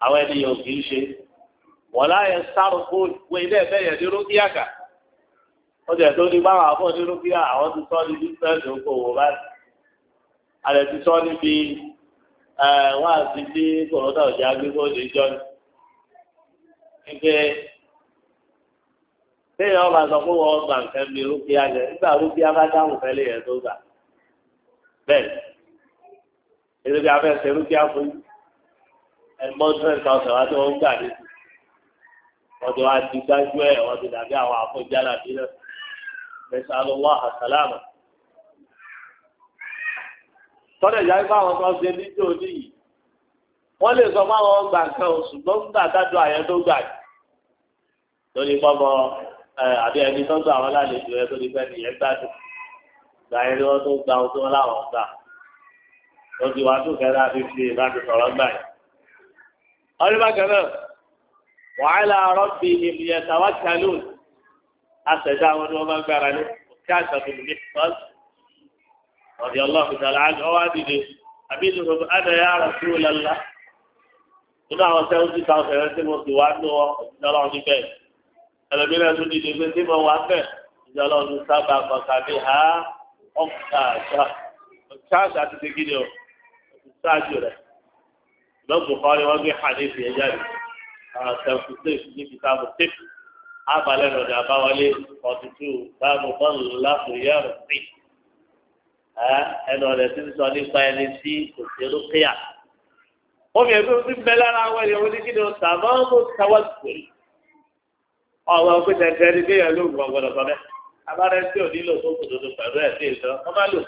àwọn ènìyàn kì í ṣe wọ́n láyé sáré fóònù wọ ilé ẹ̀fẹ́ yẹn ní rúkìá ó jẹ́ tó ní báwọn àbọ̀ ní rúkìá àwọn ti sọ ní bísíǹsì okòwò báyìí ti sọ níbi téèyàn bá sọ gbà nǹkan rúkìá jẹ nígbà rúkìá bá dáhùn yẹn tó ẹgbọn twelve thousand wá tí gbà dé ti wá ti gbájú ẹ wọn ti dàbí àwọn àfọjálà bí náà mẹsàlú wà àsálàmù. tọ́lẹ̀ ìyá ipá àwọn kan ṣe níjó ní yìí wọ́n lè sọ fáwọn gbà kan o ṣùgbọ́n nígbà dájú àyẹn tó gbà yìí lórí pọ́pọ́ àbí ẹni tó gbà wọn lálejò ẹ tó ní fẹ́ nìyẹn gbádùn gbà yẹn ni wọ́n tó gba ohun tí wọ́n láwọn gbà lójú wa tó kẹ́rẹ́ ọdún bákan náà wàhálà rọ́bì ìmìyàn tàwọn kàlùn àṣẹjá àwọn ni wọ́n máa ń gbára ní òkè àṣàbùn ní pọ́s ọ̀dì ọlọ́ọ̀kì tààlà àjọ wá dìde àbí ìdúró àdáyà àràkú lọ́la nínú àwọn seventy thousand ẹ̀rẹ́ tí mo sì wá ní wọn òṣìṣẹ́ ọlọ́run níbẹ̀ ẹlòmíràn tún dìde pé tí mo wá bẹ̀ òṣìṣẹ́ ọlọ́run sábà kọ̀ọ̀kan bí ha ọ̀kà àṣà ọ̀kà àṣà ti ìbọn Bukhari wọn gbé hadith yẹn jáde seventy six ní kitabu six abalẹ lọdẹ abawale forty two báàmù bọ́ọ̀lù láfùyàrù sí ẹnu ọ̀rẹ́ tí ń sọ nípa ẹni tí kò sí rúkìá. omi ẹ̀gbẹ́ ti bẹ lára àwọn ẹ̀yẹ̀wò ní kí ni o sàmọ́ọ́mù tawàsùn. ọ̀wọ́ pé tẹ̀sẹ̀ ẹni bí ẹ̀yẹ̀ ló gbọ́ gbọ́dọ̀ sọ bẹ́ẹ̀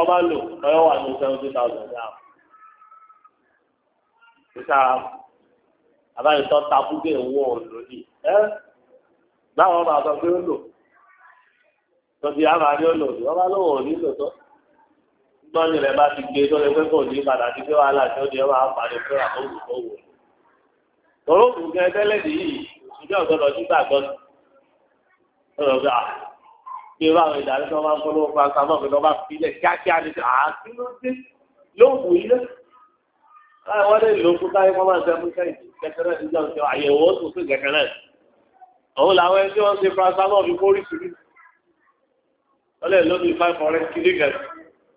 ọba lò ọyọ́ wà ní seventy thousand náà sísá abáyọ̀tọ́ tabúgé owó ọ̀lọ́ ni báwọn bá sọ pé ó lò tọ́jú àmà lò ní ọba lòun ò ní lò tó gbọ́nì rẹ̀ bá ti gbé tó lè pé kò ní padà sí pé wàhálà tí ó di ọba àpàdé fún àkókò tó wò. tòró kù tẹ́lẹ̀ nìyí òṣìṣẹ́ ọ̀gbọ́dọ̀ nígbàgbọ́ ọ̀rọ̀ gbà ah, bí irú àwọn ìdàrí tó máa ń polówó pa sámọ́ pé lọ́ba filẹ̀ kíákíá ni àti ló dé ló wù í lẹ́. báyìí wọ́n lè lò ó fún táyé wọ́n máa ń sẹ́mu sẹ́yìn kẹkẹrẹ́ níjọ́ ṣe àyẹ̀wò ó tún sí kẹkẹrẹ́. òun làwọn ẹni tí wọ́n ṣe pa sámọ́ fi kórì síbí. wọ́n lè lóbi five hundred kìlígẹ̀t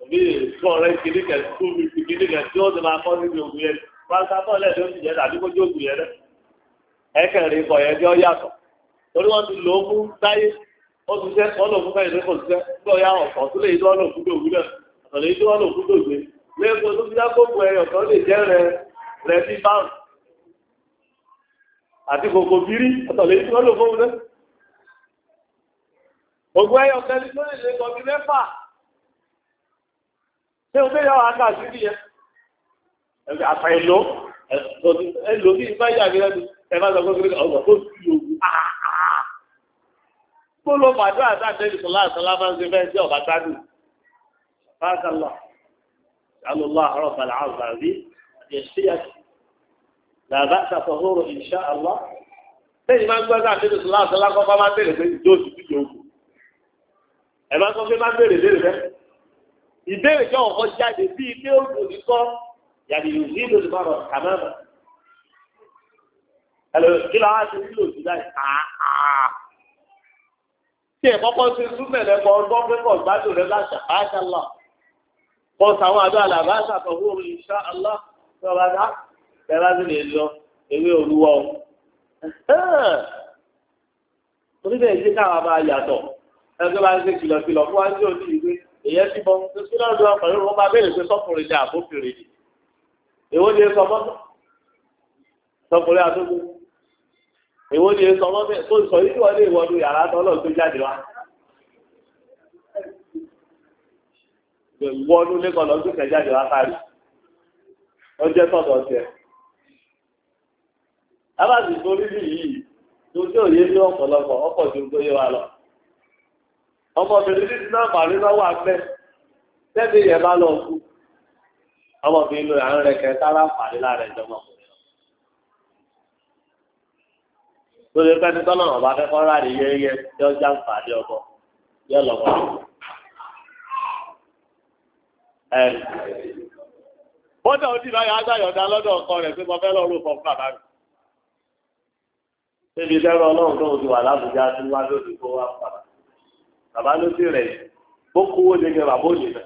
òbí two hundred kìlígẹ̀t two fifty kìlígẹ̀t tí ó ti máa kọ́ níbi ògùn yẹn. pàṣípàṣọ́ lẹ́ẹ̀dẹ́ ó ti jẹ́ tàbí kó jókòó yẹn lẹ́ ó ti lò fún bẹ́ẹ̀ ní kò ti sẹ́ ọ̀pọ̀ tó lè dúró lò fún dòwú náà ọ̀tọ̀ lè dúró tó fi dá gbogbo ẹyọ lè jẹ́ rẹ rẹ bí báwọn àti gbogbo bírí ọ̀tọ̀ lè dúró lò fún náà. ẹyọ kan ló lè lè kọ́ bí mẹ́fà ṣé o fẹ́ yọ àká sí ìyẹn ẹgbẹ́ àtàyè lọ ẹ̀ lóbi ìbáyà mi kó ló pàdé àtàtẹ́lì sọlá àtàlá máa ń ṣe fẹ́ sí ọ̀bá gbádùn fákàlá alùlọ àrọ̀ fàlà àwọn àbí àti ẹ̀ṣí làbá ṣàfọ̀hóró ìṣá àlọ́ lẹ́yìn máa ń gbọ́dọ̀ àtẹ́lì sọlá àtàlá kọ́ máa bèrè pé ìjọ òsì tí yóò kù ẹ̀ máa sọ pé máa bèrè bèrè bẹ́ẹ̀ ìbéèrè kí ọ̀kọ́ jáde bí ilé òògùn nìkọ́ yàrá ìlú ní ìlú ìbára kàmáàmà kí tí ẹ kọ́kọ́ ṣe súnmẹlẹ kọ ọgbọ́n pẹpọ gbádùn rẹ láṣà báṣà lọ kọ sàwọn àdó àlàbáṣà tọwọ ìṣá àlá tọba dá tẹlá sí lè lọ ewé olúwa o oníbẹ̀ ìdí káwa máa yàtọ̀ ẹgbẹ́ bá ń ṣe kìlọ̀kìlọ̀ fún wájú òní ìwé èyẹ ti bọ́ ṣe lọ́dọ̀ ọkùnrin wọn máa béèrè pé sọkùnrin ni àbófinrin ni èwo ni ẹ sọ mọ́tò sọkùnrin àtúntò èwo ni èso ọmọ tó sọ yìí wọlé yàrá tó tó jáde wá wọnú lẹkọọ lọ tó tẹ wá kárí ọjọ́ tọdọ torí bí yìí tó tí òye ní ọ̀pọ̀lọpọ̀ yé wa lọ ọmọbìnrin náà yẹn bá lọ kú ọmọbìnrin lóyún lórí ẹgbẹ́ ní tọ́lọ̀ ọ̀bá fẹ́ kọ́ ráàlì yẹ́yẹ́ tí ó já ọkọ yẹ lọ́kọ́. bọ́dà ó ti báyọ̀ agbáyọ̀dá lọ́dọ̀ ọkọ rẹ̀ pé mo fẹ́ lọ fọ́n bàbá mi. ọlọ́run tó ti wà lábùjá tí wá wá bàbá ló sì rẹ̀ bó kówó bàbá náà.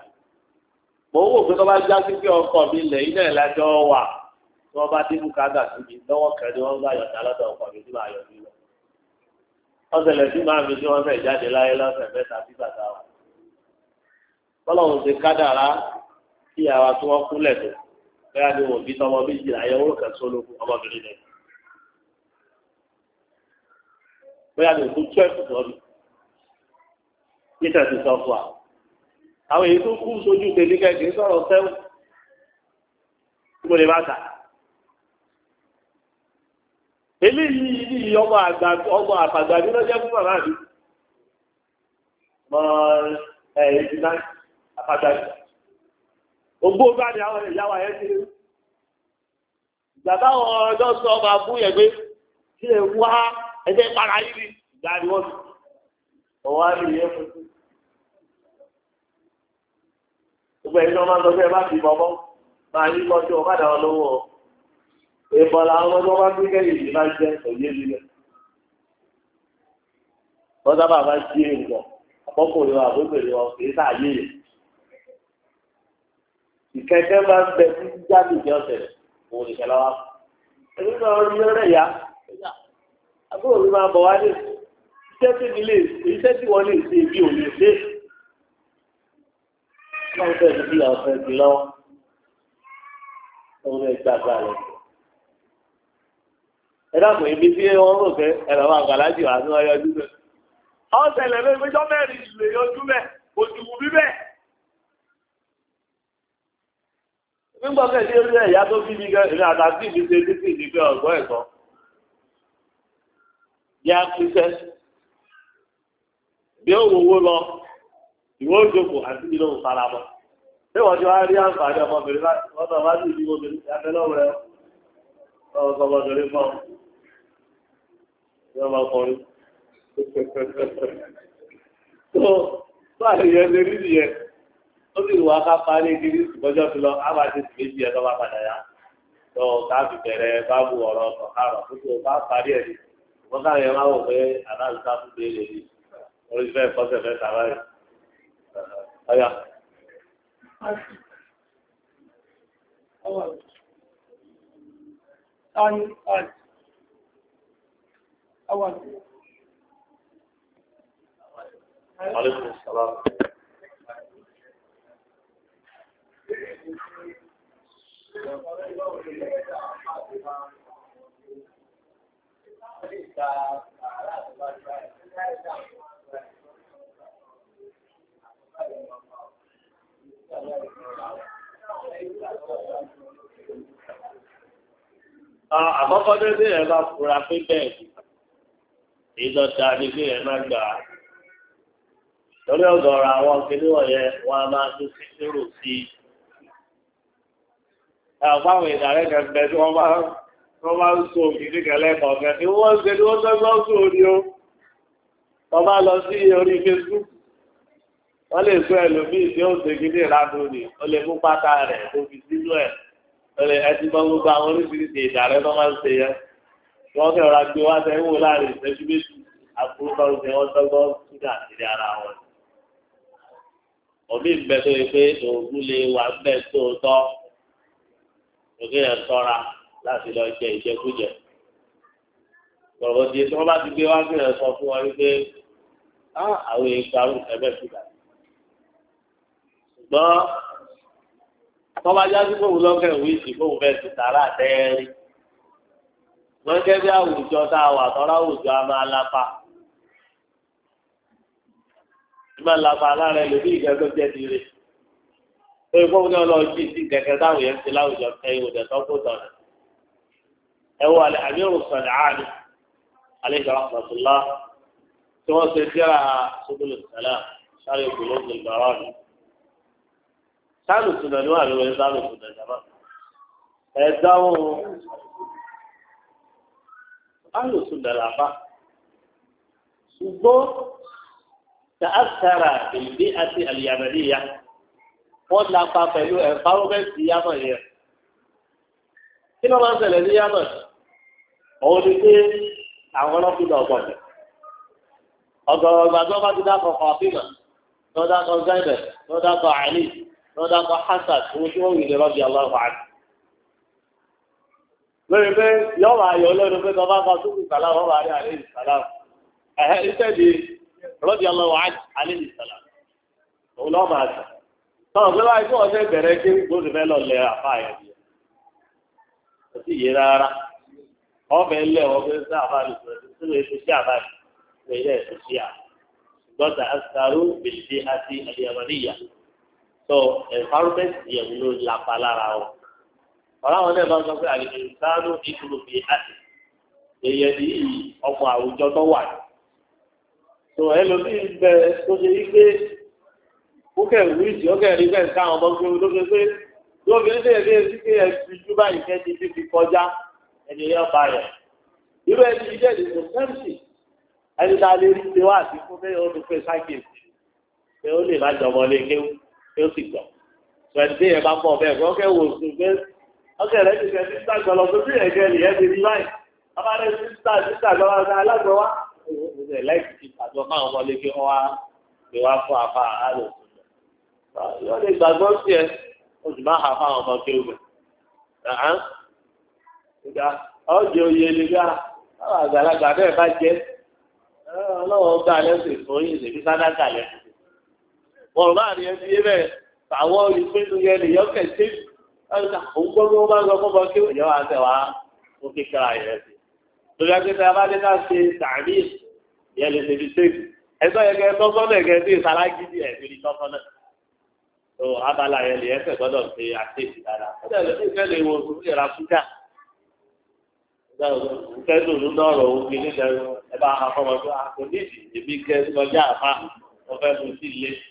mo wò pé tó já sí pé ọkọ mi lẹ̀ ilẹ̀ ìlàjọ wà tí wọ́n bá dín bùkátà sí lọ́wọ́ kẹrin wọ́n bá yọ̀dá lọ́dọ̀ ọkọ mi tí màá yọ̀ sí lọ. wọ́n ṣẹlẹ̀ sí máa mi tí wọ́n fẹ́ jáde láyé lọ́sẹ̀ mẹ́ta sí bàtà wa. bọ́lọ̀hún ti kádàrá kí àwa tí wọ́n kúnlẹ̀ tó bẹ́ẹ̀ ni wọ́n bí tọmọ méjìlá ayẹwo kan sólógún ọmọbìnrin náà. bóyá ni òkú twelve tọ́bi. peter àwọn èyí tó kú sójú tèmi kẹ̀kẹ́ sọ̀rọ̀ sẹ́wọ̀n tí mo lè bá kà. eléyìí ní ọmọ àgbà ọmọ àfàgbà mi fún bàbá mi mọ ẹ̀ ẹ̀dí náà àfàgbà mi. bá ní sọ fún ẹ wá ẹgbẹ́ para yìí ni ìgbà gbogbo ẹni tó máa bá fi bọ́bọ́ máa yí kọjú ọ̀kadà olówó ìbọn làwọn ọmọ bá gbé kẹ́lì yìí máa jẹ òye lílẹ̀ wọ́n sábà máa ń ṣe èèwọ̀ ọkùnrin wa àbúgbèrè wọn kì í sáàyè rẹ̀ ìkẹ́kẹ́ máa ń bẹ sí jáde ìjọ sẹ̀rẹ̀ òun ìṣẹ̀lẹ̀ wa ẹni náà rí ọ̀rẹ́ ìyá àbúrò mi máa bọ̀ wá ní iṣẹ́ tí wọ́n lè ṣe bí òun lè ṣe wọ́n fẹ́ ti fi ọ̀sẹ̀ sí lọ́wọ́ òun ẹ̀ gbàgbà rẹ̀. ẹ dàpọ̀ ibi tí wọ́n rò pé ẹ̀rọ wa gbà láti wà ní ọyọ ojú bẹ́ẹ̀. ọ̀sẹ̀ lẹ́lẹ́ ìgbẹ́jọ́ mẹ́rin lè yọjú bẹ́ẹ̀ òjùwù bí bẹ́ẹ̀. nígbà bẹ́ẹ̀ ní orí ẹ̀yà tó bí mi gan ìrìn àtàkì mi ṣe títí ìdígbẹ́ ọ̀gbọ́n ẹ̀kọ́. yá pípẹ́ bí ó wò wó lọ ìwé òjòkó àti ìlú òfarabọ̀. Ṣé wọ́n wá rí àǹfààní ọmọbìnrin láti wọ́n tọ̀ bá sì ní obìnrin ìyàfẹ́ lọ́wọ́ rẹ̀ ọkọ̀ ọmọbìnrin fọ́. Ṣé ọmọ ọkùnrin? Tó tó àlèyẹ lè rí nìyẹn. Ó sì wà ká parí kiri ìgbọ́jọ́ ti lọ, á máa ti sì ثاني ثالث أول عليكم السلام Thank you. Àkọ́kọ́ dédé ẹ̀ bá fura pé bẹ́ẹ̀ ìdọ̀ta ni bí ẹ̀ gbà á. Torí ọ̀gọ̀rọ̀ àwọn kìíní wọ̀nyẹn wọn a máa tún sí sírò sí i. ìdàrẹ́ kan bẹ tí wọ́n máa ń so òkè nígbà lẹ́kọ̀ọ́ kan. Ìwọ́n ń ṣe ni wọ́n tọ́jú ọ́ òní o. Wọ́n máa lọ sí orí Facebook wọ́n lè gbé ẹlòmíì tí ó ṣe kíní ìlànà ni ó lè mú pátá rẹ̀ tó fi sínú ẹ̀ ó lè ẹtí bọ́ gbogbo àwọn oríṣiríṣi ìdàrẹ́ tó máa ń ṣe yẹn wọ́n fẹ́ ra gbé wá sẹ́yìn wò láàrin ìṣẹ́jú méjì àfúrúkọ oúnjẹ wọn sọ́gbọ́n sínú àtìrí ara wọn. òbí ń bẹ tó yẹ pé òògùn lè wà ń bẹ tó tọ́ òkè yẹn tọ́ra láti lọ jẹ ìjẹkújẹ. gbọ̀ngàn tí wọ́n bá ti gbé wá sí ẹ̀ sọ fún wọn wípé ah, àwọn èèyàn gbarú gbọ́ tọ́ba jáde fóun lọ́kẹ́ ìwé ìsìn fóun fẹ́ ti tààrà tẹ́ẹ̀rí wọ́n gẹ́gẹ́ bí àwùjọ tá a wà tọ́lá àwùjọ a máa lápa ìmọ̀ lápa lára ẹlòmí ìgbà tó jẹ́ ti rè ó yẹ fóun náà lọ jí sí kẹ̀kẹ́ táwọn yẹn ti láwùjọ kẹ́yìn òdẹ tó tọ̀nà ẹ wọ alẹ́ àmírù sọ̀lẹ̀ alẹ́ ìjọba pàtùlá tí wọ́n ṣe sáàlù sùnà ni wà lóore sáàlù sùnà jàmá ẹ dáhùn sáàlù sùnà làbá ṣùgbọ́n tààtàrà èdè àti àlìyàmẹ̀lìyà wọ́n lápá pẹ̀lú ẹ̀fáwọ́mẹ́ǹtì yámọ̀ yẹn kí ló máa ń ṣẹlẹ̀ ní yámọ̀ òun ni pé àwọn ọlọ́pìnà ti dákọ̀ lọ́dà kọ́ hasad owó tí wọ́n wù ní aláwọ̀ àti. lórí pé wà ayọ̀ lórí pé tọ́ bá kọ́ sókè sàlámù ọba àlẹ́ àlẹ́ ẹ̀hẹ́ iṣẹ́ di rọ́bì aláwọ̀ àti òun máa tọ́ báyìí bẹ̀rẹ̀ kí fẹ́ lọ lẹ àfáà yẹn bí yé rárá ọbẹ̀ ọbẹ̀ sí sí tó environment yẹn ló lapa lára wọn ọ̀làwọn náà máa ń sọ pé àlejò ìsáánú ìdúró fi àti èèyàn ní ọmọ àwùjọ tó wà ní. tó ẹlòmíín bẹ tó ṣe yí pé ó kẹ̀ wíìsì ó kẹ̀ rí bẹ́ẹ̀ káwọn ọmọ gbé ló ṣe pé tó fi ń ṣe èdè sí pé ẹbí ju báyìí kẹ́ ti fi kọjá ẹni yẹn ba rẹ̀. irú ẹni yìí jẹ́ ìdìbò sẹ́ǹsì ẹni tá a lè rí ṣe wá àti fún bẹ́ẹ̀ ó ti pè sákèsì pé ó lè má jọmọ lé kéwù. yóò sì gbọ́ pẹ̀lú ẹ̀ bá pọ̀ bẹ́ẹ̀ kọ́kẹ́ wò sùn pé ọkẹ́ rẹ̀ ti kẹ́ sísá gbọ́lọ́ tó bí ẹ̀gẹ́ rẹ̀ yẹn ti rí báyìí abáre sísá sísá gbọ́lọ́ ọ̀sán alágbọ̀ wá ìwé láìsí ti pàtó máa wọ́n lé kí wọ́n wá lè wá fún lè gbàgbọ́ sí ẹ oṣù wọn bá rí ẹbí rẹ àwọn ìpinnu yẹn nìyọ kẹsí òun gbọ́ bí wọ́n bá ń bọ́ kí òjò wa tẹ̀ wá ó fi kíra yẹn sí. lórí akéde abájẹ́ ṣe tààrí yẹn lè ṣe fi ṣéèkì ẹ̀sọ́ yẹn kẹ́ ẹ tọ́sọ́nà ẹ̀kẹ́ bí ìsàlágídí ẹ̀ fi tọ́sọ́nà. tó abala yẹn lè ẹsẹ̀ gbọ́dọ̀ ṣe àṣeyìí dáadáa. ó dẹ̀ wo òṣèlú ra fújà kẹ́dùn ló lọ́rọ̀ omi nílẹ̀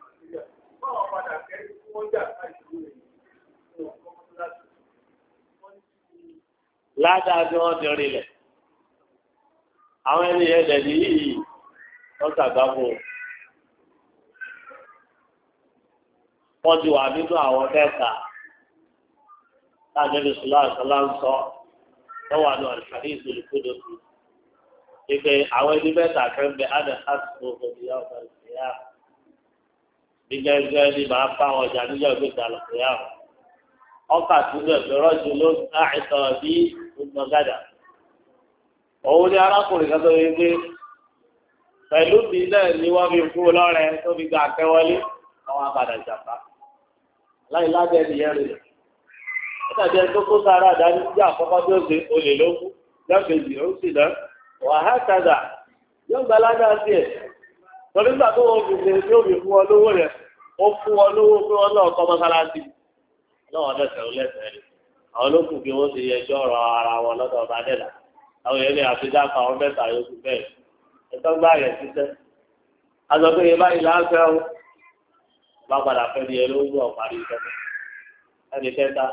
ládàá bí wọ́n ti rìn lẹ̀ àwọn ẹni yẹn lẹ̀ ní yìí wọ́n ṣàgbáfò wọ́n ti wà nínú àwọn mẹ́ta láti ẹni sùlá àṣọlá ń sọ wọ́n wà ní àlùfáàní ìṣòro kúndùn àwọn ẹni mẹ́ta bẹ gẹ́gẹ́ bí màá bá wọn jà ndị ìgbé ìdàlọ ìyá wọn ọkà túbẹ fẹrọ jù ló àìsàn bí gbogbo gàdà òun ni arákùnrin kan tó yẹ pé pẹ̀lú bí náà ni wọn fi kú tó fi gba àwọn abàdà ìjàmbá láì ẹni tó kó sára àdáni sí àkọ́kọ́ tó ṣe olè ó sì dán wàhálà kàdà yóò sí ẹ̀ tó ọ lówó rẹ̀. ó fún wọn lówó pé wọn náà kọ́ mọ́sálásí náà wọn lẹ́sẹ̀ ó lẹ́sẹ̀ rẹ̀ àwọn olókùn bí wọ́n ti yẹjọ́ ọ̀rọ̀ ara wọn lọ́dọ̀ ọba dẹ́là àwọn yẹn àwọn mẹ́ta yòókù bẹ́ẹ̀ ẹ̀tọ́ gbá pé yẹn báyìí láńfẹ́ o bá padà fẹ́ ni ẹni ọ̀parí ìṣẹ́fẹ́ ẹni kẹta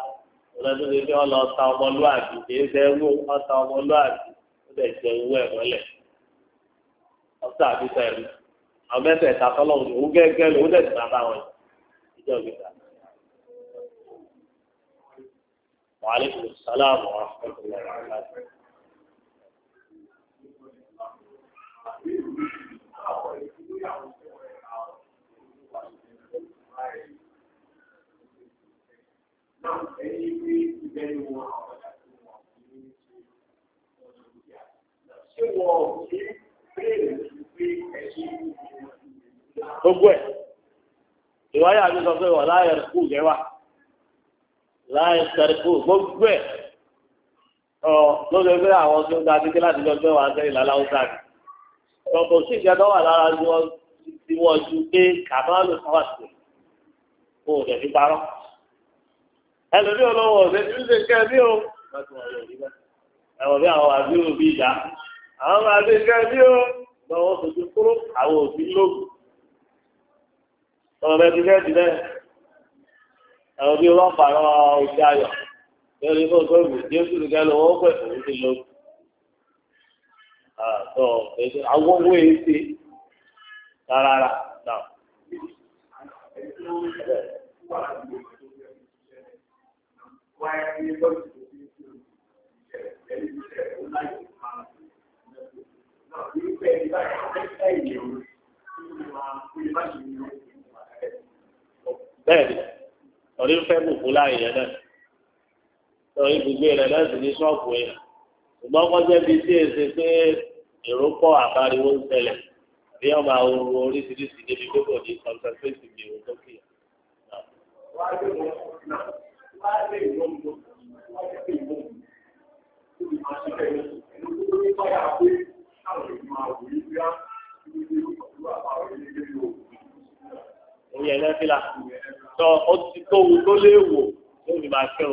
ta ọmọlúwàbí kìí ṣe ọmọlúwàbí àwọn mẹ́tẹ̀ẹ̀ta tọ́lọ́run ní òun gẹ́gẹ́ lòun dẹ̀ sínú abá wọn ìjọ gbèdà. wàhálẹ́kùn sálàmù ọ̀rọ̀ Ṣé wọ́n ò ní bẹ́ẹ̀ gbogbo ẹ̀ ìwáyà mi sọ pé wà láyẹ̀rù kù lẹ́wà láyẹ̀rù kù gbogbo ẹ̀ ọ lóde pé àwọn tí ó ga dídí láti lọ gbé wà sẹ́yìn lálá ọ̀sán ni ọ̀pọ̀ sí ìjọba wà lára tí wọ́n ju pé kàmáàlù sáwàsì kò dẹ̀ fi parọ́ ẹlòmí olówó ọ̀sẹ̀ tí ó ṣe kẹ́ bí o ẹ̀wọ̀n bí àwọn àbí òbí ìyá àwọn àbí kẹ́ bí o lọ́wọ́ sojú kúrò àwọn òbí lóògùn ọ̀rọ̀ rẹ ti ti bẹ́ẹ̀ ẹ̀rọ bí wọ́n pààrọ̀ òṣì ayọ̀ lórí fún gbẹ̀rù jésù nìkan lọ́wọ́ pẹ̀ òun ti lóògùn. àwọn owó èyí ti rárá náà. Why are you going to do this? bẹ́ẹ̀ni torí ń fẹ́ bùkún láàyè náà torí gbogbo rẹ̀ náà ní ṣọ́ọ̀bù yẹn ṣùgbọ́n kọjá bí tí ẹ pé èrò pọ̀ àbáriwo ń ṣẹlẹ̀ bí ọmọ àwọn oríṣiríṣi débi gbogbo ní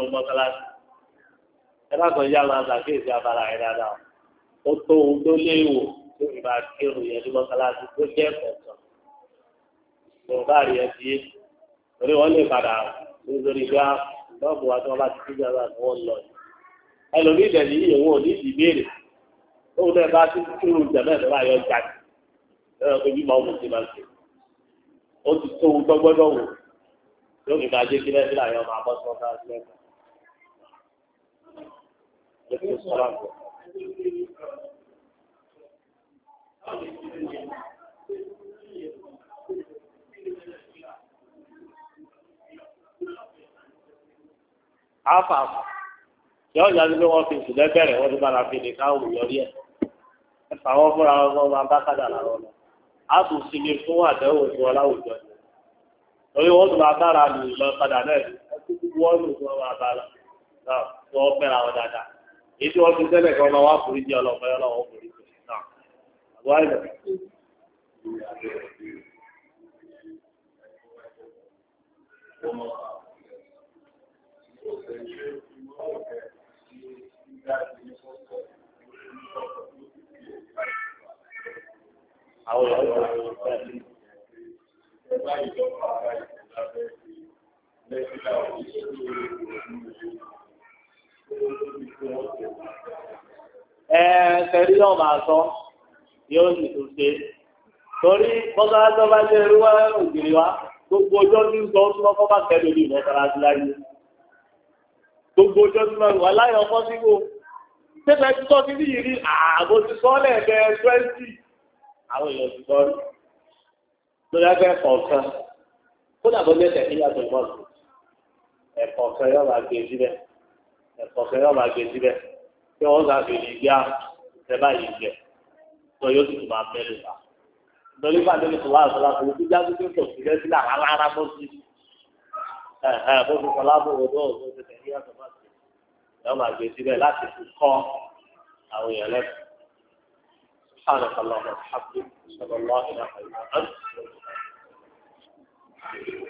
nínú mọ́sálásí ẹ bá kàn yá máa ṣàkíyèsí abala rẹ dáadáa ó tó ohun tó léèwò tó ìbá kírun yẹn ní mọ́sálásí tó jẹ́ kọ̀ọ̀kan yorùbá rí ẹ fi torí wọn lè padà lórí gbá lọ́ọ̀bù wa tí wọ́n bá ti kíjà bá tí wọ́n lọ ẹlòmíì dẹ̀lí yìí òun ò ní ìdí ìbéèrè tóun náà bá ti kírun jẹ̀mẹ́ ìdọ́lá yọ jáde lọ́wọ́ pé bímọ ọmọ ti máa ń ṣe sílẹ̀ àyọ̀ السلام afa yọ ya ni pé wọn fi ìsìlẹ bẹ̀rẹ̀ wọn ti bára fi nìkan òun yọrí ẹ ẹfà wọn fúnra wọn máa bá kádà lára wọn a tún sinmi èyí wọ́n ti tẹ́lẹ̀ kan lọ wá forí jẹ́ ọlọ́pàá yọ lọ́wọ́ forí jẹ́ náà àbúrò àìlẹ̀. Àwọn ọ̀rọ̀ ọ̀rọ̀ ọ̀rọ̀ ọ̀rọ̀ ẹ̀ẹ́dẹ̀rí yóò máa sọ yóò sì tún ṣe torí mọ́sálásí ọba jẹ́ irú wa ògiri wa gbogbo ọjọ́ tí ń sọ ó tún ọkọ̀ bá kẹ́lẹ́ ní mọ́sálásí láyé gbogbo ọjọ́ tí wọ́n wà láyé ọkọ̀ síbò tẹ́lẹ̀ tí tọ́ sí ní yìí rí ààbò ti sọ lẹ́ẹ̀kẹ́ twenty àwọn èèyàn ti sọ lórí ẹgbẹ́ kọ̀ọ̀kan kó dàbọ̀ lẹ́sẹ̀ kí yàtọ̀ bọ́ọ̀lù ẹ̀kọ̀ọ̀kan yóò máa gbé síbẹ̀ ọ̀sẹ̀ yóò máa gbé síbẹ̀ tí wọ́n sá fi lè gbé àtẹ báyìí jẹ tó yóò tuntun máa bẹ̀rẹ̀ wá. nítorí pàdé ní sọlá àtọ́lá kò wọ́n ti já gbígbé tó ti rẹ́ sílẹ̀ rárá bó ti bó ti sọlá bó wọ́n tó wọ́n ti tẹ̀lé àtọ́ bá ti yóò máa gbé síbẹ̀ láti fi kọ́ àwọn èèyàn lẹ́kọ̀ọ́. سبحانك اللهم وبحمدك اشهد ان